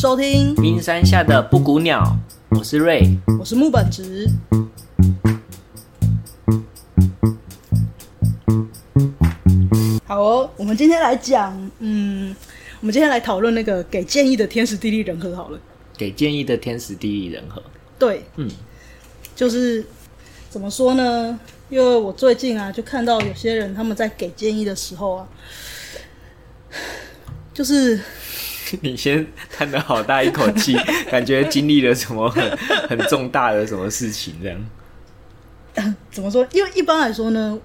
收聽冰山下的布穀鳥，我是瑞，我是木本植。好哦。好，我們今天來講，嗯，我們今天來討論那個給建議的天時地利人和好了。給建議的天時地利人和，對，嗯，就是怎麼說呢？因為我最近啊，就看到有些人他們在給建議的時候啊，就是。你先嘆了好大一口氣， 感覺經歷了什麼很很重大的什麼事情這樣？怎麼說？因為一般來說呢，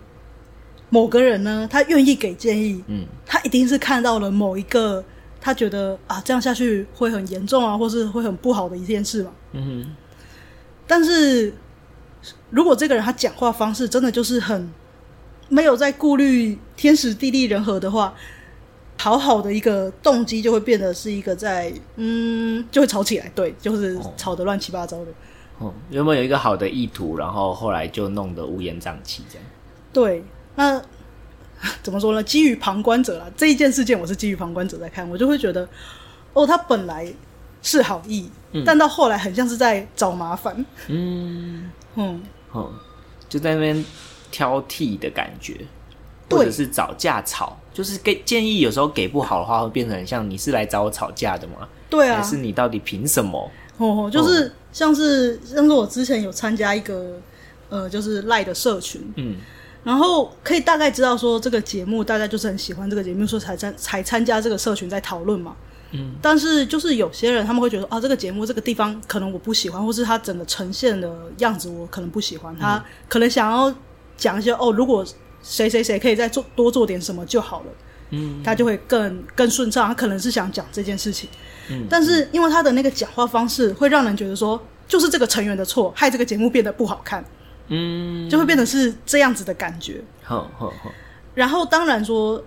某個人呢，他願意給建議，嗯，他一定是看到了某一個他覺得啊，這樣下去會很嚴重啊，或是會很不好的一件事嘛。嗯哼。但是如果這個人他講話方式真的就是很沒有在顧慮天時地利人和的話。好好的一個動機，就會變得是一個在嗯，就會吵起來，對，就是吵得亂七八糟的。哦，原本有一個好的意圖，然後後來就弄得烏煙瘴氣，這樣。對，那怎麼說呢？基於旁觀者啦，這一件事件，我是基於旁觀者在看，我就會覺得，哦，他本來是好意，嗯、但到後來很像是在找麻煩。嗯，哼好、嗯哦，就在那邊挑剔的感覺。或者是找架吵，對就是給建議，有時候給不好的話會變成很像你是來找我吵架的嗎？對啊，還是你到底憑什麼？哦，就是像是、嗯、像是我之前有參加一個呃，就是賴的社群，嗯，然後可以大概知道說這個節目大家就是很喜歡這個節目，說才參才參加這個社群在討論嘛，嗯，但是就是有些人他們會覺得啊，這個節目這個地方可能我不喜歡，或是它整個呈現的樣子我可能不喜歡，他、嗯、可能想要講一些哦，如果。誰誰誰可以再做多做點什麼就好了，嗯，他就會更更順暢。他可能是想講這件事情，嗯，但是因為他的那個講話方式會讓人覺得說，就是這個成員的錯，害這個節目變得不好看，嗯，就會變得是這樣子的感覺。好好好。好好然後當然說，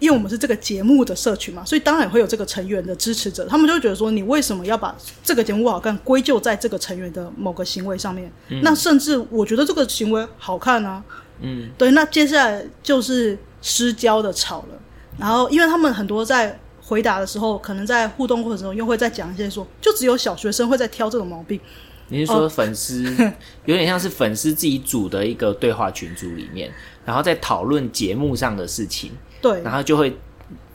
因為我們是這個節目的社群嘛，所以當然會有這個成員的支持者，他們就會覺得說，你為什麼要把這個節目不好看歸咎在這個成員的某個行為上面？嗯。那甚至我覺得這個行為好看啊。嗯，對，那接下來就是失焦的吵了，然後因為他們很多在回答的時候，可能在互動過程中又會再講一些說，說就只有小學生會在挑這種毛病。你是說粉絲、哦、有點像是粉絲自己組的一個對話群組裡面， 然後在討論節目上的事情。對，然後就會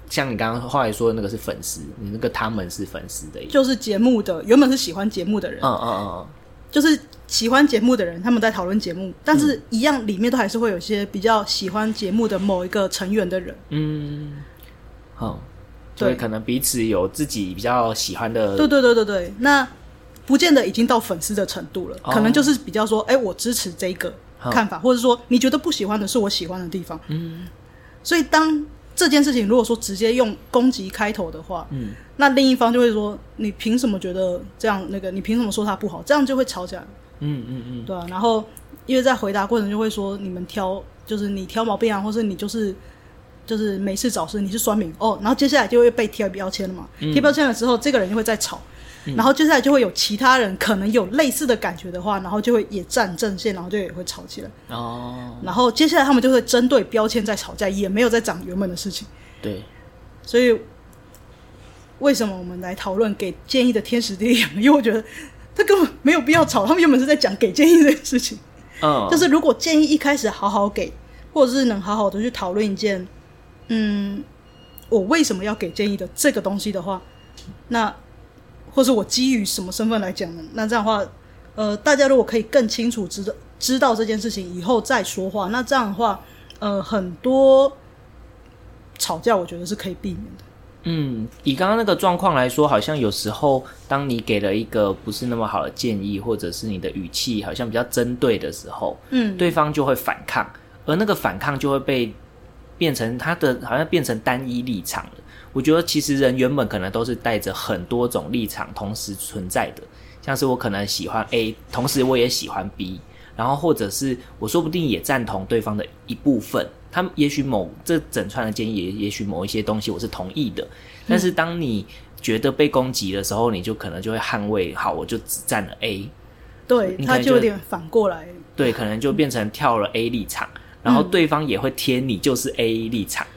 像你剛剛後來說的那個是粉絲，你那個他們是粉絲的,的，就是節目的原本是喜歡節目的人。嗯嗯嗯。嗯嗯嗯就是喜歡節目的人，他們在討論節目，但是一樣裡面都還是會有一些比較喜歡節目的某一個成員的人。嗯，好、哦，對，可能彼此有自己比較喜歡的。對對對對對，那不見得已經到粉絲的程度了，哦、可能就是比較說，哎，我支持這個看法，哦、或者說你覺得不喜歡的是我喜歡的地方。嗯，所以當這件事情如果說直接用攻擊開頭的話，嗯。那另一方就會說：“你憑什麼覺得這樣？那個你憑什麼說他不好？”這樣就會吵起來。嗯嗯嗯，嗯嗯對啊。然後因為在回答過程就會說：“你們挑，就是你挑毛病啊，或者你就是就是沒事找事，你是酸民哦。Oh, ”然後接下來就會被貼標籤了嘛？貼、嗯、標籤了之後，這個人就會再吵。嗯、然後接下來就會有其他人可能有類似的感覺的話，然後就會也站陣線，然後就也會吵起來。哦。然後接下來他們就會針對標籤在吵架，也沒有在講原本的事情。對。所以。為什麼我們來討論給建議的天時地利？因為我覺得他根本沒有必要吵，他們原本是在講給建議這件事情。嗯，oh. 就是如果建議一開始好好給，或者是能好好的去討論一件，嗯，我為什麼要給建議的這個東西的話，那或者是我基於什麼身份來講呢？那這樣的話，呃，大家如果可以更清楚知道知道這件事情以後再說話，那這樣的話，呃，很多吵架我覺得是可以避免的。嗯，以剛剛那個狀況來說，好像有時候當你給了一個不是那麼好的建議，或者是你的語氣好像比較針對的時候，嗯，對方就會反抗，而那個反抗就會被變成他的，好像變成單一立場了。我覺得其實人原本可能都是帶着很多種立場同時存在的，像是我可能喜歡 A，同時我也喜歡 B，然後或者是我說不定也贊同對方的一部分。他也許某，這整串的建議也，也許某一些東西我是同意的，但是當你覺得被攻擊的時候，嗯、你就可能就會捍衛。好，我就只佔了 A，對，就他就有點反過來，對，可能就變成跳了 A 立場，嗯、然後對方也會貼你就是 A 立場，嗯、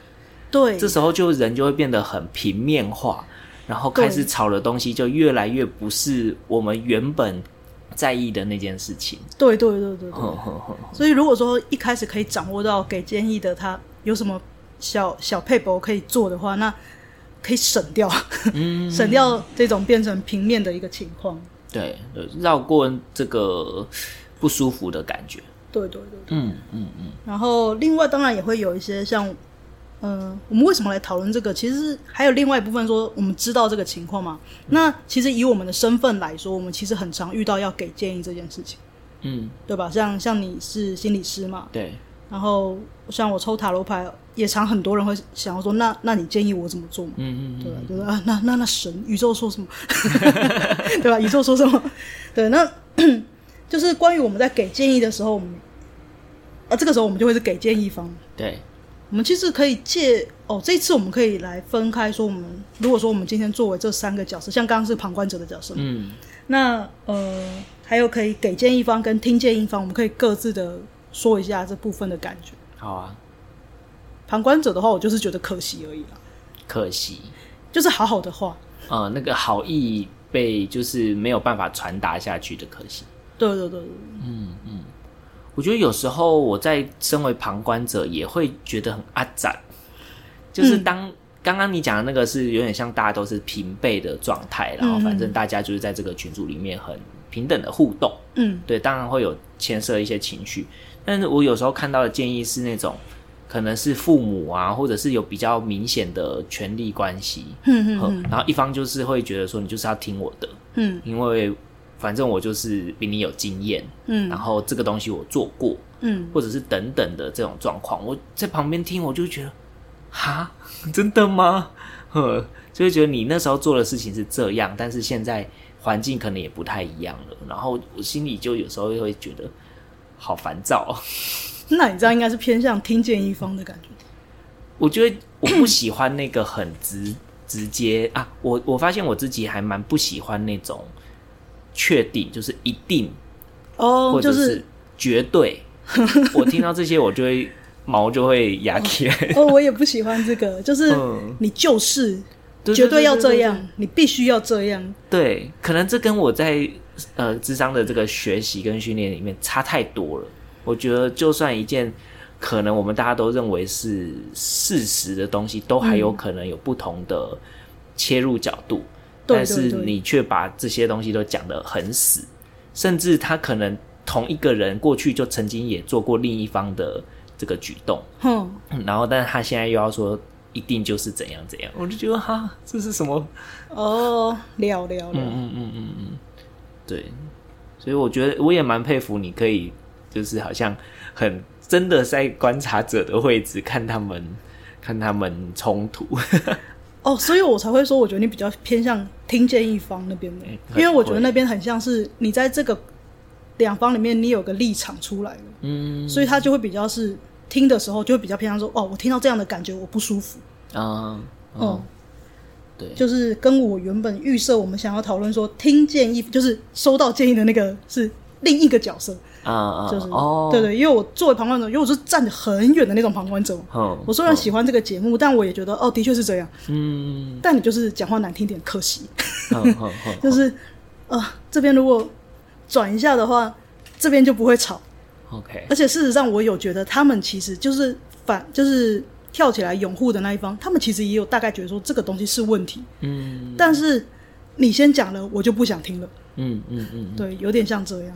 對，這時候就人就會變得很平面化，然後開始吵的東西就越來越不是我們原本。在意的那件事情，對對對對對， 所以如果說一開始可以掌握到給建議的他有什麼小小配補可以做的話，那可以省掉，嗯、 省掉這種變成平面的一個情況，對對，繞過這個不舒服的感覺，對對對對，嗯嗯嗯，嗯嗯，然後另外當然也會有一些像。嗯、呃，我們為什麼來討論這個？其實還有另外一部分說，我們知道這個情況嘛。嗯、那其實以我們的身份來說，我們其實很常遇到要給建議這件事情。嗯，對吧？像像你是心理師嘛，對。然後像我抽塔羅牌，也常很多人會想要說，那那你建議我怎麼做嘛？嗯，嗯嗯，對，就是啊，那那那神宇宙說什麼？ 對吧？ 宇宙說什麼？對，那 就是關於我們在給建議的時候，我們啊，這個時候我們就會是給建議方。對。我們其實可以借哦，這次我們可以來分開說。我們如果說我們今天作為這三個角色，像剛剛是旁觀者的角色，嗯，那呃，還有可以給建議方跟聽建議方，我們可以各自的說一下這部分的感覺。好啊，旁觀者的話，我就是覺得可惜而已啦。可惜，就是好好的話，呃、嗯，那個好意被就是沒有辦法傳達下去的可惜。對對對對，嗯。我覺得有時候我在身為旁觀者也會覺得很阿雜，就是當剛剛你講的那個是有點像大家都是平輩的狀態，然後反正大家就是在這個群組裡面很平等的互動，嗯，對，當然會有牽涉一些情緒，但是我有時候看到的建議是那種可能是父母啊，或者是有比較明顯的權力關係，嗯嗯，然後一方就是會覺得說你就是要聽我的，嗯，因為。反正我就是比你有經驗，嗯，然後這個東西我做過，嗯，或者是等等的這種狀況，我在旁邊聽，我就覺得，啊，真的嗎？呵，就會覺得你那時候做的事情是這樣，但是現在環境可能也不太一樣了，然後我心裡就有時候會覺得好煩躁哦。那你這樣，應該是偏向聽見一方的感覺。我覺得我不喜歡那個很直 直接啊，我我發現我自己還蠻不喜歡那種。確定就是一定哦，oh, 或者是絕對。就是、 我聽到這些，我就會毛就會牙貼。哦，oh, oh, 我也不喜歡這個，就是你就是、嗯、絕對要這樣，你必須要這樣。對，可能這跟我在呃諮商的這個學習跟訓練裡面差太多了。我覺得，就算一件可能我們大家都認為是事實的東西，都還有可能有不同的切入角度。嗯但是你卻把這些東西都講得很死，對對對，甚至他可能同一個人過去就曾經也做過另一方的這個舉動，嗯、然後但是他現在又要說一定就是怎樣怎樣，我就覺得哈，這是什麼哦聊聊聊。嗯嗯嗯嗯嗯，對，所以我覺得我也蠻佩服你可以就是好像很真的在觀察者的位置看他們，看他們衝突。 哦，所以我才會說，我覺得你比較偏向聽建議方那邊的，欸、因為我覺得那邊很像是你在這個兩方裡面，你有個立場出來了，嗯，所以他就會比較是聽的時候，就會比較偏向說，哦，我聽到這樣的感覺，我不舒服啊，哦、嗯，嗯、對，就是跟我原本預設，我們想要討論說，聽建議就是收到建議的那個是。另一個角色啊，uh, uh, uh, uh, 就是哦，對對，oh. 因為我作為旁觀者，因為我是站得很遠的那種旁觀者，oh. Oh. 我雖然喜歡這個節目，但我也覺得哦，的確是這樣，嗯，mm. 但你就是講話難聽點，可惜，好好，就是啊，這邊如果轉一下的話，這邊就不會吵，OK。而且事實上，我有覺得他們其實就是反，就是跳起來擁護的那一方，他們其實也有大概覺得說這個東西是問題，嗯，mm. 但是你先講了，我就不想聽了。嗯嗯嗯，嗯嗯對，有點像這樣。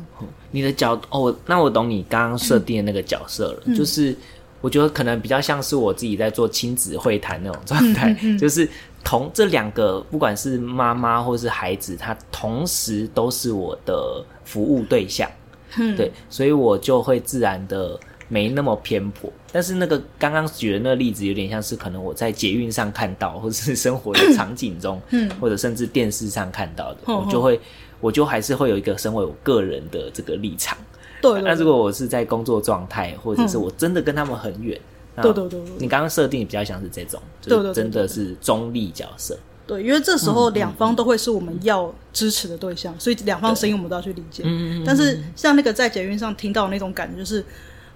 你的角哦，那我懂你剛剛設定的那個角色了，嗯、就是我覺得可能比較像是我自己在做親子會談那種狀態，嗯嗯嗯、就是同這兩個不管是媽媽或是孩子，他同時都是我的服務對象。嗯、對，所以我就會自然的沒那麼偏頗。但是那個剛剛舉的那個例子，有點像是可能我在捷運上看到，或是生活的場景中，嗯、或者甚至電視上看到的，嗯、我就會。我就還是會有一個身為我個人的這個立場。對，對，對、啊。那如果我是在工作狀態，或者是我真的跟他們很遠。對對對。你剛剛設定比較像是這種。對對對。真的是中立角色。對，因為這時候兩方都會是我們要支持的對象，嗯、所以兩方聲音我們都要去理解。嗯嗯嗯。但是像那個在捷運上聽到的那種感覺，就是。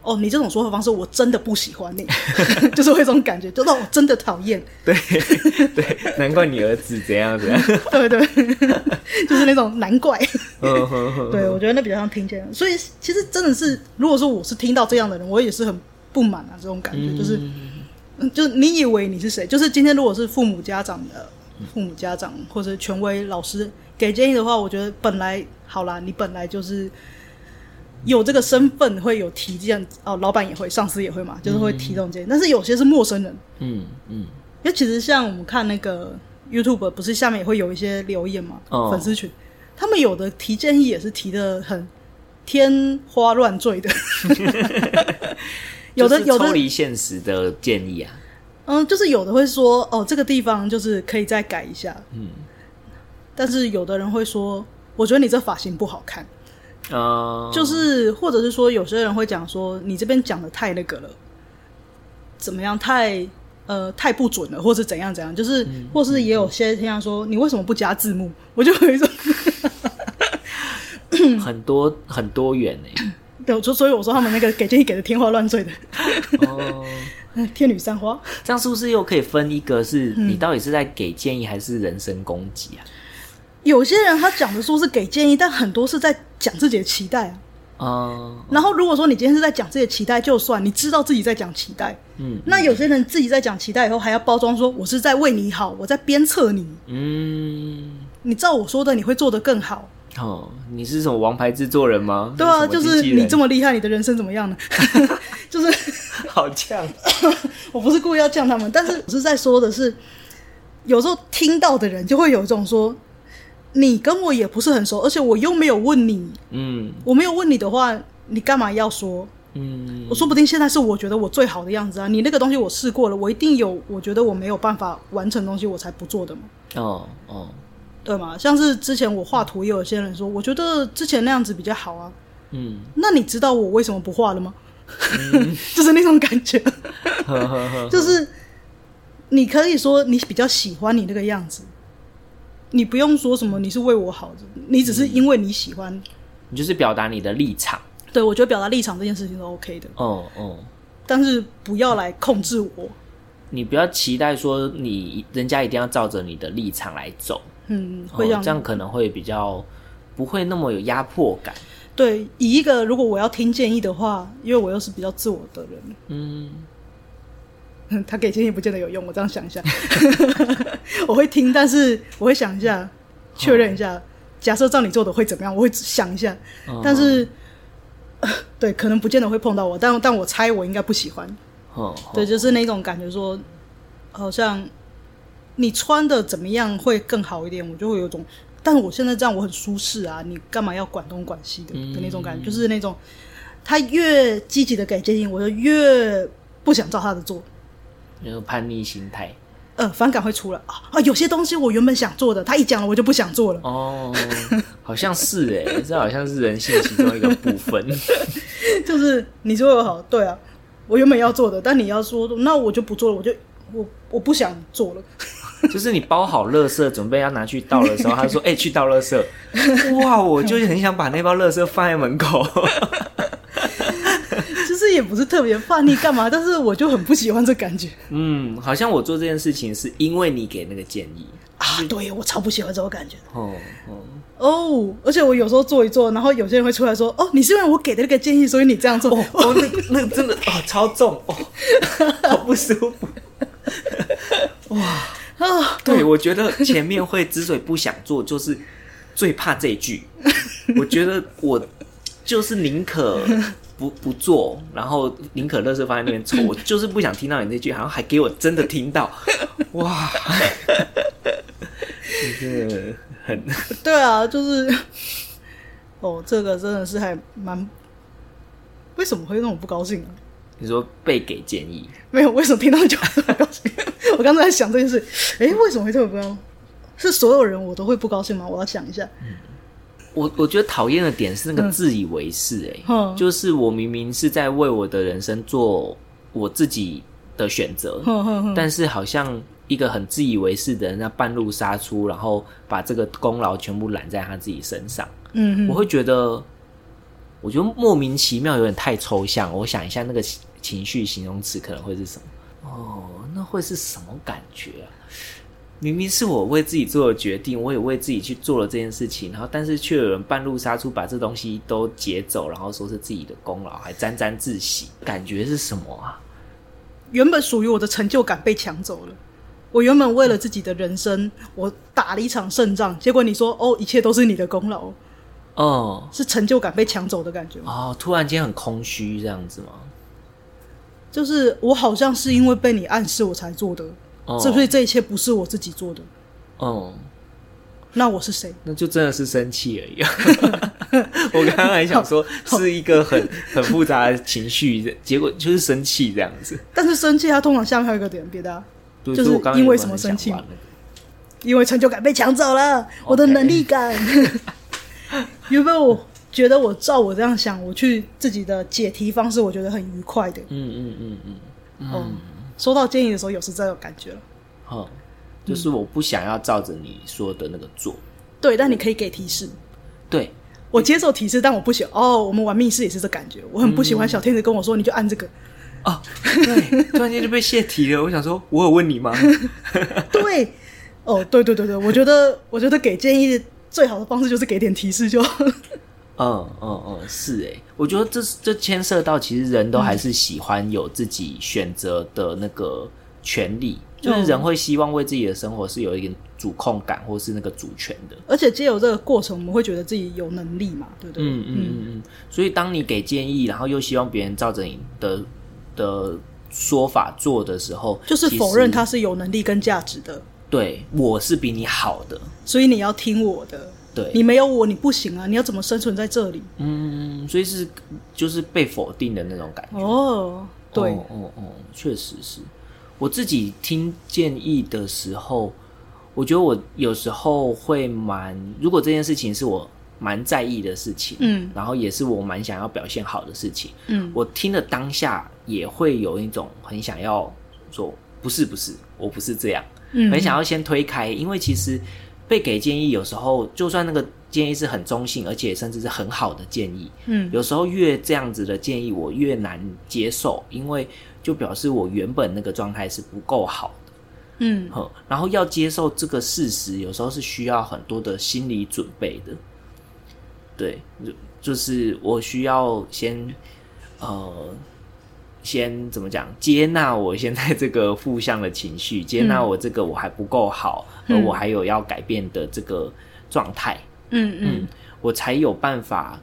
哦，你這種說話方式，我真的不喜歡你， 就是會這種感覺，就讓、是、我真的討厭。對對， 難怪你兒子怎樣怎樣對，對對， 就是那種難怪。Oh, oh, oh, oh. 對，我覺得那比較像聽見。所以其實真的是，如果說我是聽到這樣的人，我也是很不滿啊。這種感覺、嗯、就是，就是你以為你是誰？就是今天如果是父母、家長的父母、家長或者權威老師給建議的話，我覺得本來好啦，你本來就是。有這個身份會有提建議哦，老闆也會，上司也會嘛，就是會提這種建議。嗯、但是有些是陌生人，嗯嗯，嗯因為其實像我們看那個 YouTube，不是下面也會有一些留言嘛，哦、粉絲群，他們有的提建議也是提得很天花亂墜的， 有的有的脫離現實的建議啊，嗯，就是有的會說哦，這個地方就是可以再改一下，嗯，但是有的人會說，我覺得你這髮型不好看。呃，uh, 就是，或者是說，有些人會講說，你這邊講的太那個了，怎麼樣太？太呃，太不準了，或是怎樣怎樣？就是，嗯、或是也有些聽他說，嗯嗯、你為什麼不加字幕？我就會說， 很多很多元呢、欸。對，就所以我說他們那個給建議給的天花亂墜的。哦 ，uh, 天女散花，這樣是不是又可以分一個是你到底是在給建議還是人身攻擊啊？嗯有些人他講的說是給建議，但很多是在講自己的期待啊。Uh, 然後如果說你今天是在講自己的期待，就算你知道自己在講期待，嗯，那有些人自己在講期待以後，還要包裝說“我是在為你好，我在鞭策你”。嗯，你照我說的，你會做得更好。哦，oh, 你是什麼王牌制作人嗎？對啊，就是你這麼厲害，你的人生怎麼樣呢？ 就是好嗆嗆， 我不是故意要嗆他們，但是我是在說的是，有時候聽到的人就會有一種說。你跟我也不是很熟，而且我又沒有問你。嗯，我沒有問你的話，你幹嘛要說？嗯，我說不定現在是我覺得我最好的樣子啊。你那個東西我試過了，我一定有我覺得我沒有辦法完成東西我才不做的嘛。哦哦，哦對嗎？像是之前我畫圖，也有些人說，我覺得之前那樣子比較好啊。嗯，那你知道我為什麼不畫了嗎？嗯、 就是那種感覺 好好好，就是你可以說你比較喜歡你那個樣子。你不用說什麼，你是為我好的，嗯、你只是因為你喜歡，你就是表達你的立場。對，我覺得表達立場這件事情是 OK 的。哦哦、嗯，嗯、但是不要來控制我。你不要期待說你人家一定要照着你的立場來走。嗯，嗯、哦，這樣可能會比較不會那麼有壓迫感。對，以一個如果我要聽建議的話，因為我又是比較自我的人。嗯。他給建議不見得有用，我這樣想一下， 我會聽，但是我會想一下，確 認一下。假設照你做的會怎麼樣？我會想一下， 但是對，可能不見得會碰到我，但但我猜我應該不喜歡。 對，就是那種感覺說，說好像你穿的怎麼樣會更好一點，我就會有種。但我現在這樣我很舒適啊，你幹嘛要管東管西的的那種感覺？嗯，就是那種，他越積極的給建議，我就越不想照他的做。有叛逆心態，呃，反感會出來啊，啊！有些東西我原本想做的，他一講了，我就不想做了。哦，好像是哎、欸， 這好像是人性其中一個部分，就是你說我好，對啊，我原本要做的，但你要說，那我就不做了，我就我我不想做了。就是你包好垃圾準備要拿去倒的時候， 他說：“哎、欸，去倒垃圾。”哇，我就是很想把那包垃圾放在門口。 不是特別叛逆幹嘛？但是我就很不喜歡這感覺。嗯，好像我做這件事情是因為你給那個建議啊。對，我超不喜歡這種感覺。哦哦、oh, 而且我有時候做一做，然後有些人會出來說：“哦，你是因為我給的那個建議，所以你這樣做。哦”哦，那那個真的哦，超重哦， 好不舒服。 哇哦、啊、對，對，我覺得前面會之所以不想做，就是最怕這一句。 我覺得我就是寧可。不不做，然後林可樂是放在那邊抽，我就是不想聽到你那句， 好像還給我真的聽到，哇！你 真的很對啊，就是哦，這個真的是還蠻，為什麼會那麼不高興呢？啊、你說被給建議沒有？為什麼聽到就還不高興？ 我剛才在想這件事，哎、欸，為什麼會這麼不高興？是所有人我都會不高興嗎？我要想一下。嗯我我覺得討厭的點是那個自以為是，欸，哎，嗯，就是我明明是在為我的人生做我自己的選擇，嗯嗯，但是好像一個很自以為是的人，在半路殺出，然後把這個功勞全部攬在他自己身上，嗯嗯，我會覺得，我覺得莫名其妙，有點太抽象。我想一下那個情緒形容詞可能會是什麼？哦，那會是什麼感覺啊？明明是我為自己做了決定，我也為自己去做了這件事情，然後但是卻有人半路殺出，把這東西都劫走，然後說是自己的功勞，還沾沾自喜，感覺是什麼啊？原本屬於我的成就感被搶走了。我原本為了自己的人生，我打了一場勝仗，結果你說哦，一切都是你的功勞，哦、嗯，是成就感被搶走的感覺嗎？哦，突然間很空虛這樣子嗎？就是我好像是因為被你暗示我才做的。Oh, 是不是這一切不是我自己做的？哦，oh, 那我是誰？那就真的是生氣而已。 我剛剛還想說是一個很 oh, oh. 很複雜的情緒，結果就是生氣這樣子。但是生氣，它通常下面還有一個點、啊，別的對就是因為什麼生氣？剛剛有沒有因為成就感被搶走了，Okay. 我的能力感。原 本我覺得我照我這樣想，我去自己的解題方式，我覺得很愉快的。嗯嗯嗯嗯，嗯。嗯嗯 oh. 收到建議的時候，有時真有感覺了、嗯，就是我不想要照着你說的那個做，對，但你可以給提示，對，我接受提示，但我不喜歡，哦，我們玩密室也是這感覺，我很不喜歡小天使跟我說、嗯、你就按這個，啊、哦，對 突然間就被洩題了，我想說，我有問你嗎？ 對，哦，對對對對，我覺得我覺得給建議最好的方式就是給點提示就。 嗯嗯嗯，是哎，我覺得這這牽涉到其實人都還是喜歡有自己選擇的那個權利，嗯、就是人會希望為自己的生活是有一點主控感或是那個主權的。而且，借由這個過程，我們會覺得自己有能力嘛，對不對？嗯嗯嗯嗯。所以，當你給建議，然後又希望別人照着你的的說法做的時候，就是否認其實，他是有能力跟價值的。對，我是比你好的，所以你要聽我的。對。你沒有我，你不行啊！你要怎麼生存在這裡？嗯，所以是，就是被否定的那種感覺。哦，oh, 對，哦哦，確實是。我自己聽建議的時候，我覺得我有時候會蠻……如果這件事情是我蠻在意的事情，嗯，然後也是我蠻想要表現好的事情，嗯，我聽的當下也會有一種很想要說，不是不是，我不是這樣，嗯，很想要先推開，因為其實。被給建議，有時候就算那個建議是很中性，而且甚至是很好的建議，嗯，有時候越這樣子的建議，我越難接受，因為就表示我原本那個狀態是不夠好的，嗯，呵，然後要接受這個事實，有時候是需要很多的心理準備的，對，就是我需要先，呃。先怎麼講？接納我現在這個負向的情緒，接納我這個我還不夠好，嗯、而我還有要改變的這個狀態。嗯嗯，嗯，我才有辦法，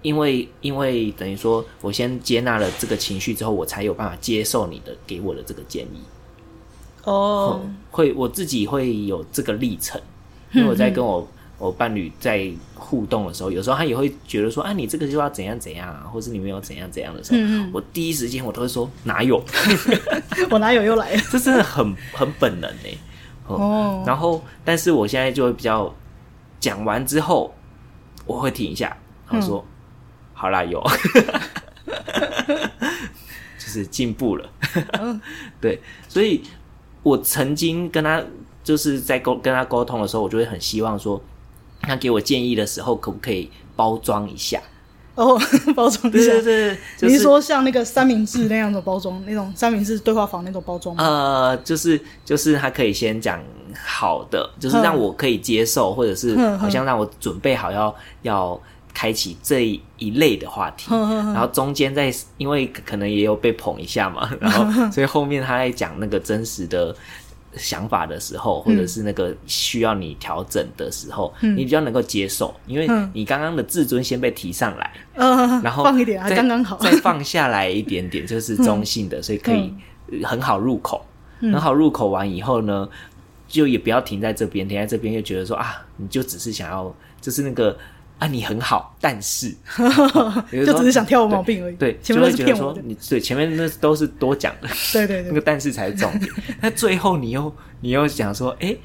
因為因為等於說，我先接納了這個情緒之後，我才有辦法接受你的給我的這個建議。哦，嗯、會我自己會有這個歷程，因為我在跟我。嗯嗯我伴侶在互動的時候，有時候他也會覺得說：“啊，你這個就要怎樣怎樣啊，或是你沒有怎樣怎樣的時候。嗯嗯”我第一時間我都會說：“哪有？ 我哪有又來？”這真的很很本能呢、欸。哦、嗯，Oh. 然後但是我現在就會比較講完之後，我會停一下，然後說：“嗯、好啦，有， 就是進步了。 ”對，所以我曾經跟他就是在溝跟他溝通的時候，我就會很希望說。他給我建議的時候，可不可以包裝一下？哦，oh, 包裝一下，是是、就是。你是說像那個三明治那樣的包裝， 那種三明治對話房那種包裝嗎？呃，就是就是他可以先講好的，就是讓我可以接受，呵或者是好像讓我準備好要要開啟這一類的話題，呵呵然後中間再，因為可能也有被捧一下嘛，然後所以後面他再講那個真實的。想法的時候，或者是那個需要你調整的時候，嗯、你比較能夠接受，嗯、因為你剛剛的自尊先被提上來，嗯、然後放一點，啊，剛剛好再放下來一點點，就是中性的，嗯、所以可以很好入口，嗯、很好入口完以後呢，就也不要停在這邊，停在這邊又覺得說啊，你就只是想要就是那個。啊，你很好，但是就只是想挑我毛病而已。對，前面覺得說你對，前面那都是多講的。對對對，那個但是才重點。那最後你又你又想說，哎，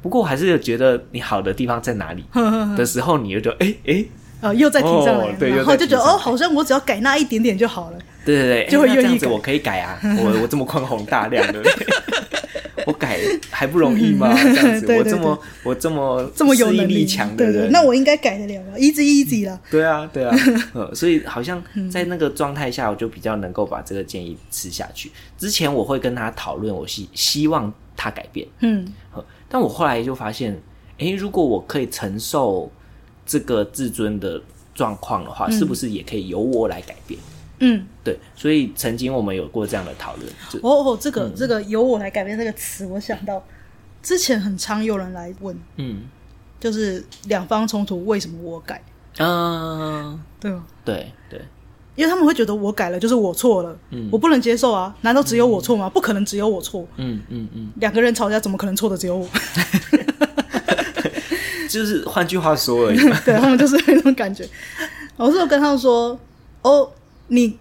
不過我還是覺得你好的地方在哪裡的時候，你又覺得，哎哎，又再提上來，對，然後就覺得哦，好像我只要改那一點點就好了。對對對，就會這樣子，我可以改啊，我我這麼寬宏大量，對不對？我改還不容易嗎？嗯、這樣子，對對對，我這麼我這麼這麼有毅力強的人，那我應該改得了 easy easy 啦，嗯。對啊，對啊， 所以好像在那個狀態下，我就比較能夠把這個建議吃下去。之前我會跟他討論，我希希望他改變，嗯，但我後來就發現，哎，欸，如果我可以承受這個自尊的狀況的話，嗯，是不是也可以由我來改變？嗯，對，所以曾經我們有過這樣的討論。哦哦，這個這個由我來改變這個詞，我想到之前很常有人來問，嗯，就是兩方衝突，為什麼我改？嗯，對對對，因為他們會覺得我改了就是我錯了，嗯，我不能接受啊！難道只有我錯嗎？不可能只有我錯，嗯嗯嗯，兩個人吵架怎麼可能錯的只有我？就是換句話說而已，對，他們就是那種感覺。我是有跟他們說，哦。你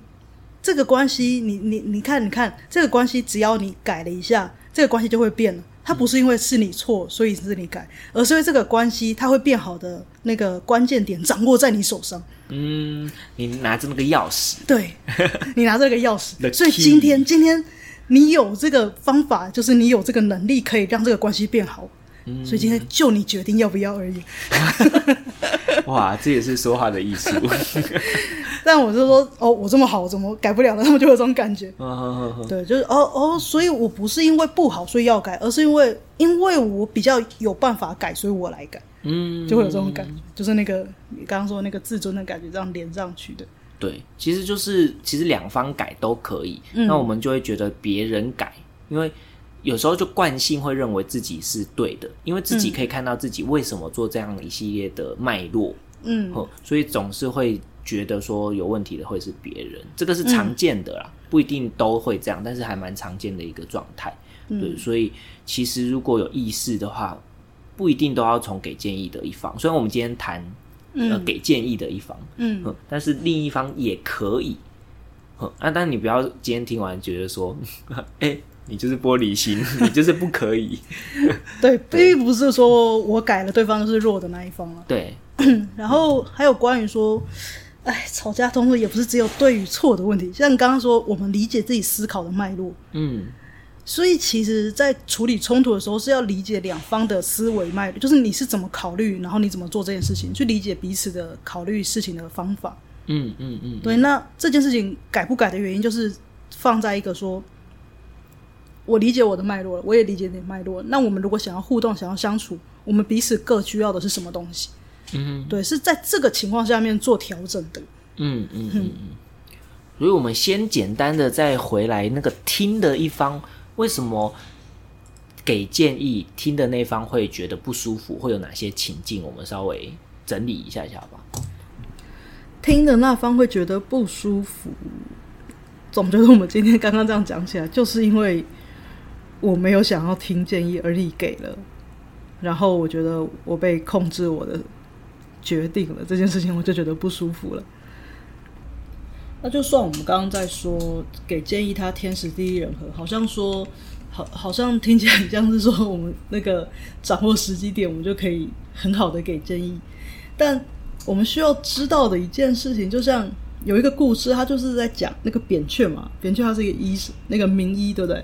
這個關係，你你你看，你看這個關係，只要你改了一下，這個關係就會變了。它不是因為是你錯，嗯、所以是你改，而是因為這個關係，它會變好的那個關鍵點掌握在你手上。嗯，你拿着那個鑰匙。對，你拿着那個鑰匙。 所以今天，今天你有這個方法，就是你有這個能力，可以讓這個關係變好。所以今天就你決定要不要而已。 哇，這也是說話的藝術。 但我就說，哦，我這麼好，我怎麼改不了呢？他們就有這種感覺。啊啊啊啊、對，就是哦哦，所以我不是因為不好所以要改，而是因為因為我比較有辦法改，所以我來改。嗯，就會有這種感覺，就是那個你剛剛說的那個自尊的感覺，這樣連上去的。對，其實就是其實兩方改都可以。嗯、那我們就會覺得別人改，因為。有時候就慣性會認為自己是對的，因為自己可以看到自己為什麼做這樣一系列的脈絡，嗯，所以總是會覺得說有問題的會是別人，這個是常見的啦，嗯、不一定都會這樣，但是還蠻常見的一個狀態。對，嗯、所以其實如果有意識的話，不一定都要從給建議的一方，雖然我們今天談、嗯、呃給建議的一方，嗯，但是另一方也可以，啊，但你不要今天聽完覺得說，你就是玻璃心， 你就是不可以。 對，對並不是說我改了，對方就是弱的那一方了。對。 然後還有關於說，哎，吵架通常也不是只有對與錯的問題。像你剛剛說，我們理解自己思考的脈絡。嗯。所以，其實，在處理衝突的時候，是要理解兩方的思維脈絡，就是你是怎麼考慮，然後你怎麼做這件事情，去理解彼此的考慮事情的方法。嗯嗯嗯。嗯嗯對，那這件事情改不改的原因，就是放在一個說。我理解我的脈絡了，我也理解你的脈絡了。那我們如果想要互動，想要相處，我們彼此各需要的是什麼東西？嗯哼，對，是在這個情況下面做調整的。嗯嗯嗯嗯。所以，我們先簡單的再回來那個聽的一方，為什麼給建議聽的那方會覺得不舒服？會有哪些情境？我們稍微整理一下一下吧。聽的那方會覺得不舒服，總覺得我們今天剛剛這樣講起來，就是因為。我沒有想要聽建議，而你給了，然後我覺得我被控制我的決定了這件事情，我就覺得不舒服了。那就算我們剛剛在說給建議，他天時地利人和，好像說好，好像聽起來像是說我們那個掌握時機點，我們就可以很好的給建議。但我們需要知道的一件事情，就像有一個故事，他就是在講那個扁鵲嘛。扁鵲他是一個醫生，那個名醫，對不對？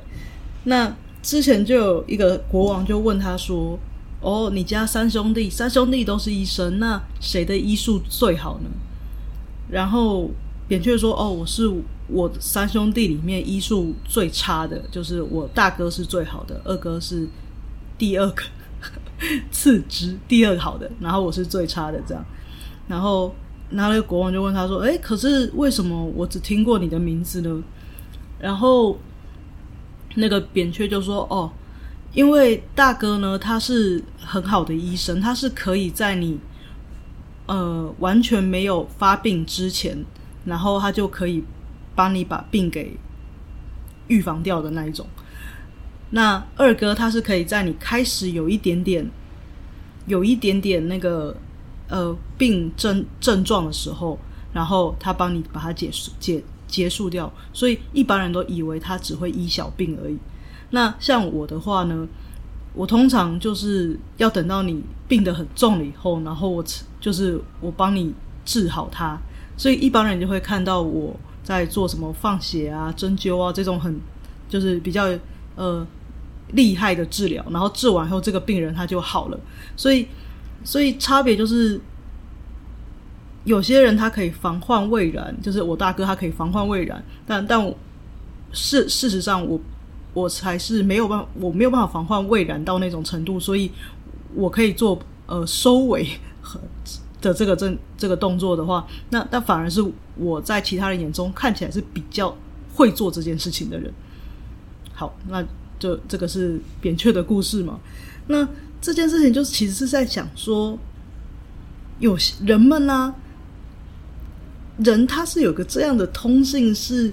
那之前就有一個國王就問他說：“哦，你家三兄弟，三兄弟都是醫生，那誰的醫術最好呢？”然後扁鵲說：“哦，我是我三兄弟裡面醫術最差的，就是我大哥是最好的，二哥是第二個，次之第二好的，然後我是最差的這樣。”然後，然後那個國王就問他說：“誒，可是為什麼我只聽過你的名字呢？”然後。那個扁鵲就說：“哦，因為大哥呢，他是很好的醫生，他是可以在你呃完全沒有發病之前，然後他就可以幫你把病給預防掉的那一種。那二哥他是可以在你開始有一點點，有一點點那個呃病症症狀的時候，然後他幫你把它解解。”結束掉，所以一般人都以為他只會醫小病而已。那像我的話呢，我通常就是要等到你病得很重了以後，然後我就是我幫你治好它。所以一般人就會看到我在做什麼放血啊、針灸啊這種很就是比較呃厲害的治療，然後治完後這個病人他就好了。所以，所以差別就是。有些人他可以防患未然，就是我大哥他可以防患未然，但但事事實上我我才是沒有辦法，我沒有辦法防患未然到那種程度，所以我可以做呃收尾和的這個這這個動作的話，那那反而是我在其他人眼中看起來是比較會做這件事情的人。好，那就這個是扁鵲的故事嘛。那這件事情就是其實是在想說，有些人們呢、啊。人他是有個這樣的通性，是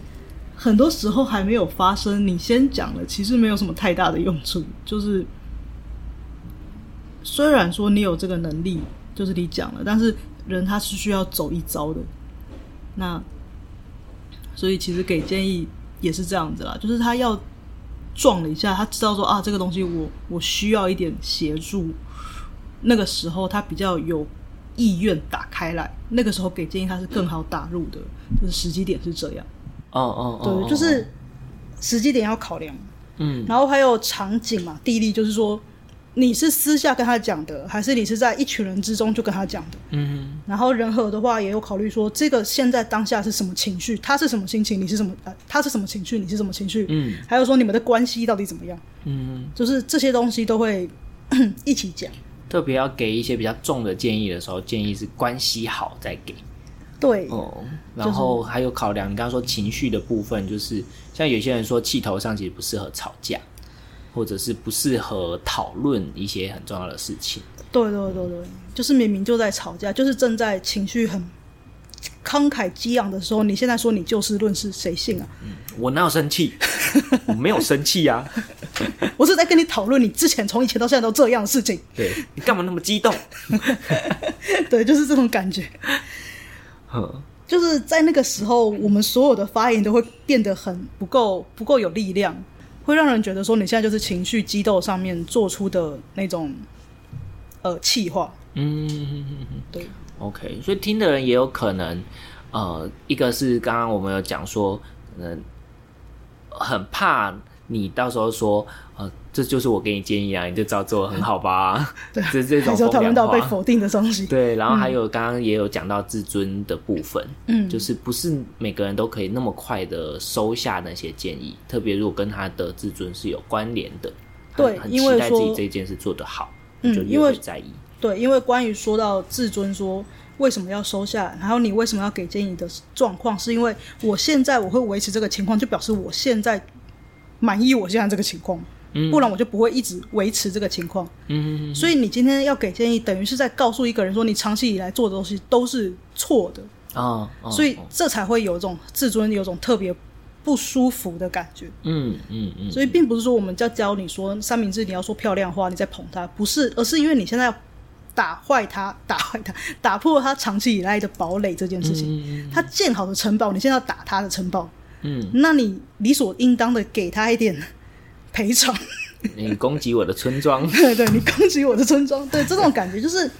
很多時候還沒有發生，你先講了，其實沒有什麼太大的用處。就是雖然說你有這個能力，就是你講了，但是人他是需要走一遭的。那所以其實給建議也是這樣子啦，就是他要撞了一下，他知道說啊，這個東西我我需要一點協助，那個時候他比較有。意願打開來，那個時候給建議他是更好打入的，嗯、就是時機點是這樣。哦哦，對，就是時機點要考量。嗯，然後還有場景嘛，地利就是說，你是私下跟他講的，還是你是在一群人之中就跟他講的？嗯，然後人和的話也有考慮說，這個現在當下是什麼情緒，他是什麼心情，你是什麼，他是什麼情緒，你是什麼情緒？嗯，還有說你們的關係到底怎麼樣？嗯，就是這些東西都會 一起講。特別要給一些比較重的建議的時候，建議是關係好再給，對，哦，然後還有考量，你剛剛說情緒的部分，就是像有些人說氣頭上其實不適合吵架，或者是不適合討論一些很重要的事情。對對對對，就是明明就在吵架，就是正在情緒很慷慨激昂的時候，你現在說你就事論事，誰信啊？嗯我哪有生氣？ 我沒有生氣呀、啊， 我是在跟你討論你之前從以前到現在都這樣的事情。 對，你幹嘛那麼激動？ 對，就是這種感覺。呵就是在那個時候，我們所有的發言都會變得很不夠、不夠有力量，會讓人覺得說你現在就是情緒激動上面做出的那種呃氣話。嗯，對。OK，所以聽的人也有可能，呃，一個是剛剛我們有講說，可能很怕你到時候說，呃，這就是我給你建議啊，你就照做得很好吧。嗯、 對，這對這種。討論到被否定的東西。對，然後還有剛剛也有講到自尊的部分，嗯，就是不是每個人都可以那麼快的收下那些建議，嗯、特別如果跟他的自尊是有關聯的，對，很期待自己這件事做得好，就因為就在意。對，因為關於說到自尊說。為什麼要收下？然後你為什麼要給建議的，的狀況是因為我現在我會維持這個情況，就表示我現在滿意我現在這個情況，嗯、不然我就不會一直維持這個情況。嗯哼哼哼。所以你今天要給建議，等於是在告訴一個人說，你長期以來做的東西都是錯的啊！哦哦、所以這才會有種自尊，有種特別不舒服的感覺。嗯嗯嗯。嗯嗯，所以並不是說我們要教你說三明治，你要說漂亮話，你在捧他，不是，而是因為你現在打壞他，打壞他，打破他長期以來的堡壘這件事情，嗯、他建好的城堡，你現在要打他的城堡，嗯，那你理所應當的給他一點賠償。你攻擊我的村莊， 對對，你攻擊我的村莊， 對，這種感覺就是，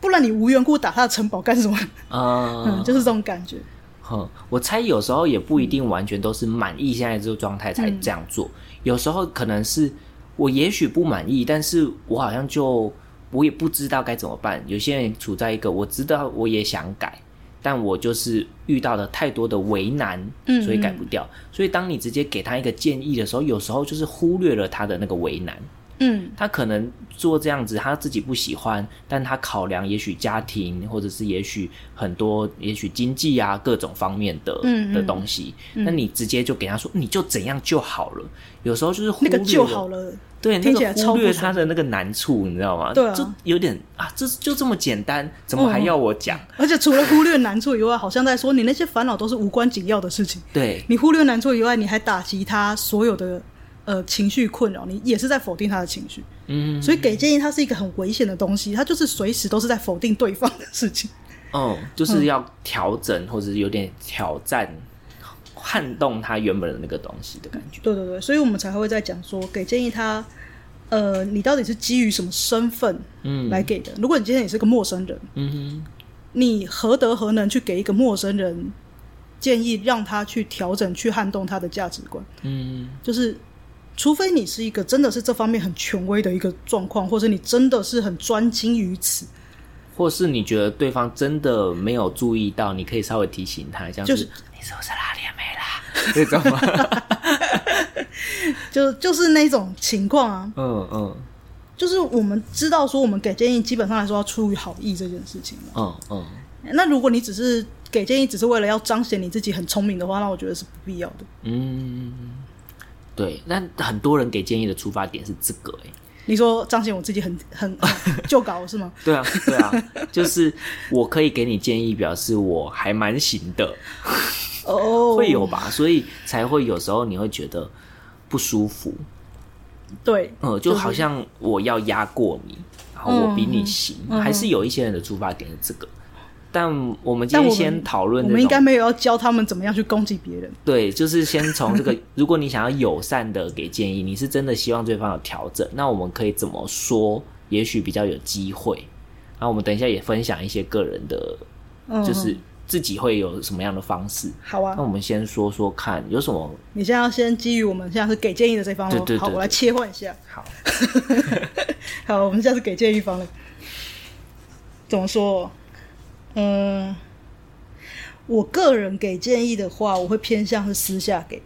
不然你無緣故打他的城堡幹什麼？啊、嗯嗯，就是這種感覺。哼、嗯，我猜有時候也不一定完全都是滿意現在這個狀態才這樣做，嗯、有時候可能是我也許不滿意，但是我好像就。我也不知道該怎麼辦。有些人處在一個我知道我也想改，但我就是遇到了太多的為難，所以改不掉。嗯嗯，所以當你直接給他一個建議的時候，有時候就是忽略了他的那個為難，嗯，他可能做這樣子他自己不喜歡，但他考量，也許家庭，或者是也許很多，也許經濟啊各種方面的，嗯嗯，的東西。那你直接就給他說，你就怎樣就好了，有時候就是忽略了。對，那個忽略他的那個難處，你知道嗎？對、啊，就有點啊，這就這麼簡單，怎麼還要我講、啊？而且除了忽略難處以外， 好像在說你那些煩惱都是無關緊要的事情。對，你忽略難處以外，你還打擊他所有的呃情緒困擾，你也是在否定他的情緒。嗯哼哼，所以給建議他是一個很危險的東西，他就是隨時都是在否定對方的事情。嗯、哦，就是要調整、嗯、或者是有點挑戰。撼動他原本的那個東西的感覺。對對對，所以我們才會在講說給建議他，呃，你到底是基於什麼身份嗯，來給的？嗯、如果你今天也是個陌生人，嗯哼，你何德何能去給一個陌生人建議，讓他去調整去撼動他的價值觀？嗯，就是除非你是一個真的是這方面很權威的一個狀況，或者你真的是很專精於此。或是你覺得對方真的沒有注意到，你可以稍微提醒他，這樣就是你是不是拉鏈沒拉，這種 就就是那種情況啊，嗯嗯，嗯就是我們知道說我們給建議基本上來說要出於好意這件事情嘛，嗯嗯，嗯那如果你只是給建議只是為了要彰顯你自己很聰明的話，那我覺得是不必要的，嗯，對，那很多人給建議的出發點是這個、欸，哎。你說張賢，我自己很很就搞是嗎？ 對啊，對啊，就是我可以給你建議，表示我還蠻行的，哦， 會有吧，所以才會有時候你會覺得不舒服，對，嗯，就好像我要壓過你，就是、然後我比你行，嗯嗯、還是有一些人的出發點是這個。但我們今天先討論，我們應該沒有要教他們怎麼樣去攻擊別人。對，就是先從這個， 如果你想要友善的給建議，你是真的希望對方有調整，那我們可以怎麼說？也許比較有機會。然後我們等一下也分享一些個人的，嗯、就是自己會有什麼樣的方式。好啊，那我們先說說看有什麼。你現在要先基於我們現在是給建議的這方面。對對，對對，好，我來切換一下。好， 好，我們現在是給建議方了，怎麼說？嗯，我個人給建議的話，我會偏向是私下給。